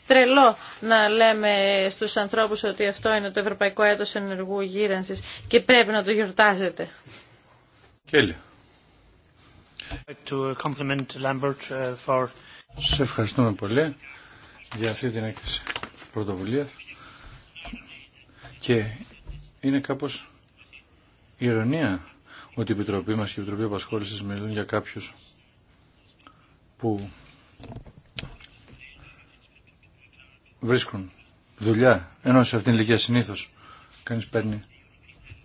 τρελό να λέμε στους ανθρώπους ότι αυτό είναι το Ευρωπαϊκό Έτος Ενεργού Γύρανσης και πρέπει να το γιορτάζετε. Κέλλη. To uh, Σε ευχαριστούμε πολύ για αυτή την έκθεση πρωτοβουλία και είναι κάπως ηρωνία ότι η Επιτροπή μας και η Επιτροπή Απασχόληση μιλούν για κάποιους που βρίσκουν δουλειά, ενώ σε αυτήν την ηλικία συνήθω κανεί παίρνει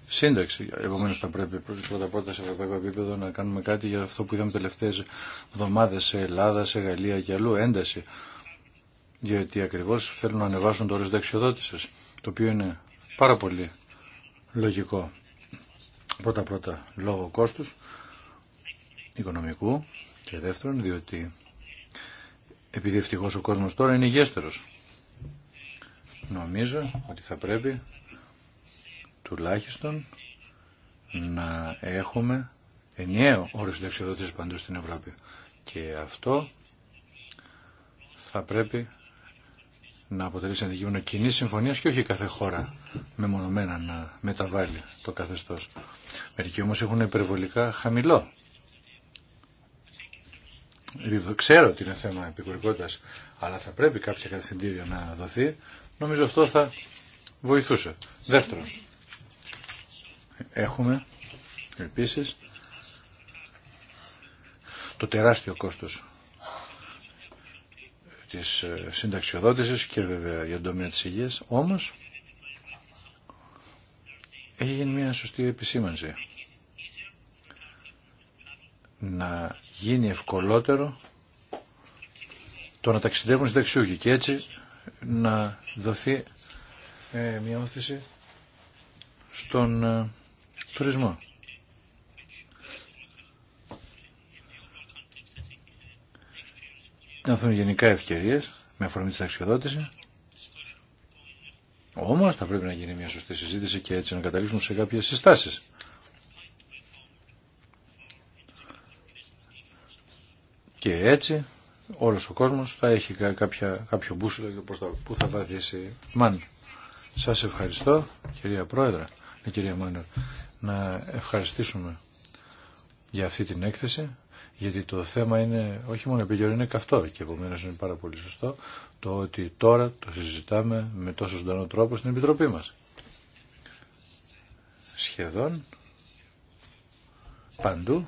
σύνταξη. Επομένω, θα πρέπει πρώτα-πρώτα σε ευρωπαϊκό επίπεδο να κάνουμε κάτι για αυτό που είδαμε τελευταίε εβδομάδε σε Ελλάδα, σε Γαλλία και αλλού, ένταση. Γιατί ακριβώ θέλουν να ανεβάσουν το όριο δεξιοδότηση, το οποίο είναι πάρα πολύ λογικό. Πρώτα-πρώτα λόγω κόστου οικονομικού και δεύτερον διότι επειδή ευτυχώ ο κόσμο τώρα είναι υγιέστερος Νομίζω ότι θα πρέπει τουλάχιστον να έχουμε ενιαίο όρο συνταξιοδότηση παντού στην Ευρώπη. Και αυτό θα πρέπει να αποτελέσει αντικείμενο κοινή συμφωνία και όχι κάθε χώρα μεμονωμένα να μεταβάλει το καθεστώ. Μερικοί όμω έχουν υπερβολικά χαμηλό. Ξέρω ότι είναι θέμα επικουρικότητα, αλλά θα πρέπει κάποια κατευθυντήρια να δοθεί Νομίζω αυτό θα βοηθούσε. Δεύτερον, έχουμε επίσης το τεράστιο κόστος της ε, συνταξιοδότησης και βέβαια η τομέα της υγείας, όμως έχει γίνει μια σωστή επισήμανση να γίνει ευκολότερο το να ταξιδεύουν συνταξιούχοι και έτσι να δοθεί ε, μια όθηση στον ε, τουρισμό. Να δοθούν γενικά ευκαιρίες με αφορμή της αξιοδότηση. Όμως θα πρέπει να γίνει μια σωστή συζήτηση και έτσι να καταλήξουμε σε κάποιες συστάσεις. Και έτσι όλος ο κόσμος θα έχει κάποια, κάποιο μπούσουλα που θα βαδίσει. Μάν, σας ευχαριστώ κυρία Πρόεδρε, κυρία Μάνερ, να ευχαριστήσουμε για αυτή την έκθεση, γιατί το θέμα είναι όχι μόνο επίγειο, είναι καυτό και επομένω είναι πάρα πολύ σωστό το ότι τώρα το συζητάμε με τόσο ζωντανό τρόπο στην Επιτροπή μας. Σχεδόν παντού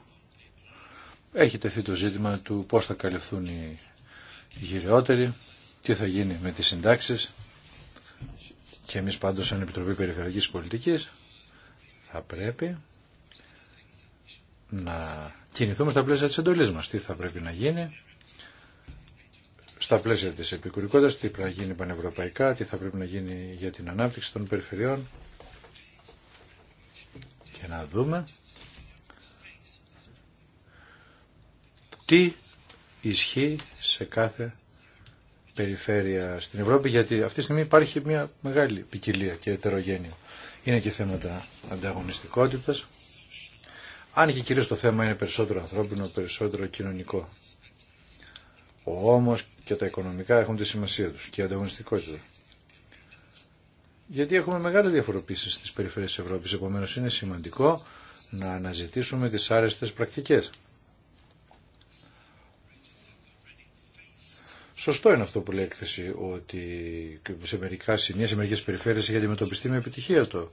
έχει τεθεί το ζήτημα του πώς θα καλυφθούν οι γυριότεροι, τι θα γίνει με τις συντάξεις και εμείς πάντως σαν Επιτροπή Περιφερειακής Πολιτικής θα πρέπει να κινηθούμε στα πλαίσια της εντολής μας. Τι θα πρέπει να γίνει στα πλαίσια της επικουρικότητας, τι πρέπει να γίνει πανευρωπαϊκά, τι θα πρέπει να γίνει για την ανάπτυξη των περιφερειών και να δούμε τι ισχύει σε κάθε περιφέρεια στην Ευρώπη, γιατί αυτή τη στιγμή υπάρχει μια μεγάλη ποικιλία και ετερογένεια. Είναι και θέματα ανταγωνιστικότητας, αν και κυρίως το θέμα είναι περισσότερο ανθρώπινο, περισσότερο κοινωνικό. Όμως και τα οικονομικά έχουν τη σημασία τους και η ανταγωνιστικότητα. Γιατί έχουμε μεγάλες διαφοροποίησεις στις περιφέρειες της Ευρώπης, επομένως είναι σημαντικό να αναζητήσουμε τις άρεστες πρακτικές. Σωστό είναι αυτό που λέει έκθεση ότι σε μερικά σημεία, σε μερικές περιφέρειες έχει αντιμετωπιστεί με επιτυχία το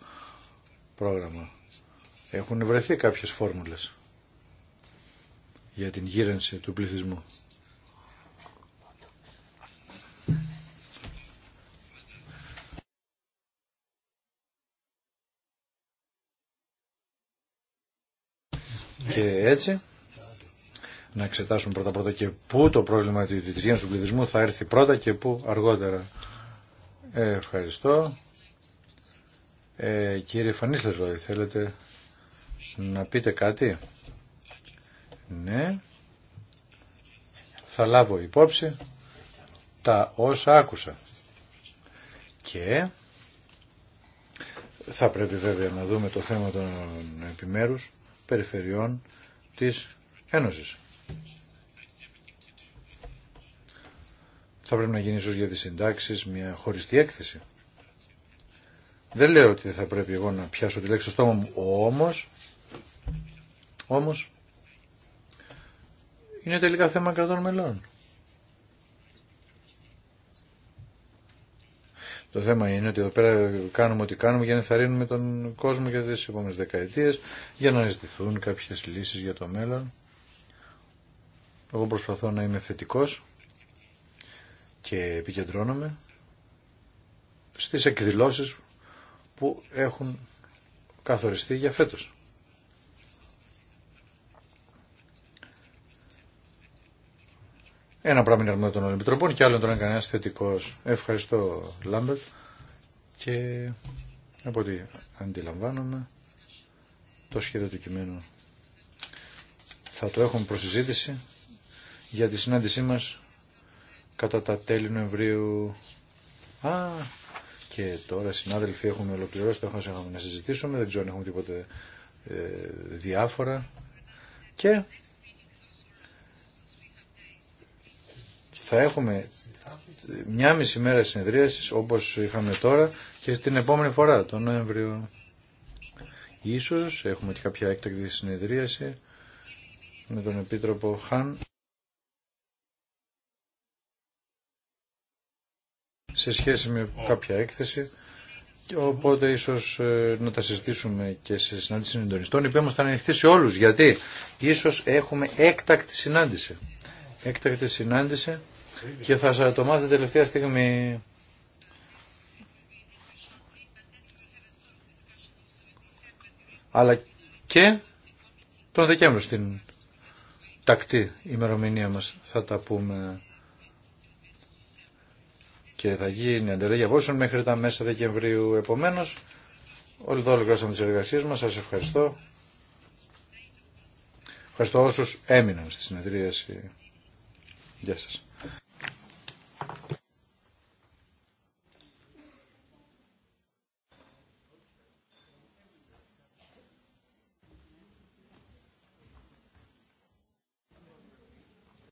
πρόγραμμα. Έχουν βρεθεί κάποιες φόρμουλες για την γύρενση του πληθυσμού. Και έτσι να εξετάσουν πρώτα πρώτα και πού το πρόβλημα της διεθνής του πληθυσμού θα έρθει πρώτα και πού αργότερα. Ε, ευχαριστώ. Ε, κύριε Φανίστεζο, θέλετε να πείτε κάτι. Ναι. Θα λάβω υπόψη τα όσα άκουσα. Και θα πρέπει βέβαια να δούμε το θέμα των επιμέρους περιφερειών της Ένωσης. Θα πρέπει να γίνει ίσως για τις συντάξεις μια χωριστή έκθεση. Δεν λέω ότι θα πρέπει εγώ να πιάσω τη λέξη στο στόμα μου, όμως, όμως, είναι τελικά θέμα κρατών μελών. Το θέμα είναι ότι εδώ πέρα κάνουμε ό,τι κάνουμε για να ενθαρρύνουμε τον κόσμο για τις επόμενες δεκαετίες, για να ζητηθούν κάποιες λύσεις για το μέλλον. Εγώ προσπαθώ να είμαι θετικός και επικεντρώνομαι στις εκδηλώσεις που έχουν καθοριστεί για φέτος. Ένα πράγμα είναι αρμόδιο των Ολυμπιτροπών και άλλο τον είναι κανένα θετικός. Ευχαριστώ, Λάμπερτ. Και από ό,τι αντιλαμβάνομαι, το σχέδιο του κειμένου θα το έχουμε προσυζήτηση για τη συνάντησή μας κατά τα τέλη Νοεμβρίου. Α, και τώρα συνάδελφοι έχουμε ολοκληρώσει, το έχουμε να συζητήσουμε, δεν ξέρω αν έχουμε τίποτε ε, διάφορα. Και θα έχουμε μια μισή μέρα συνεδρίασης όπως είχαμε τώρα και την επόμενη φορά, τον Νοέμβριο. Ίσως έχουμε και κάποια έκτακτη συνεδρίαση με τον Επίτροπο Χαν. σε σχέση με κάποια έκθεση. Οπότε ίσω ε, να τα συζητήσουμε και σε συνάντηση συντονιστών. Η οποία θα ανοιχτεί σε όλου. Γιατί ίσω έχουμε έκτακτη συνάντηση. Έκτακτη συνάντηση και θα το μάθετε τελευταία στιγμή. Αλλά και τον Δεκέμβριο στην τακτή ημερομηνία μας θα τα πούμε και θα γίνει ανταλλαγή απόψεων μέχρι τα μέσα Δεκεμβρίου. Επομένω, όλοι εδώ ολοκληρώσαμε τι εργασίε μα. Σα ευχαριστώ. Ευχαριστώ όσου έμειναν στη συνεδρίαση. Γεια σας.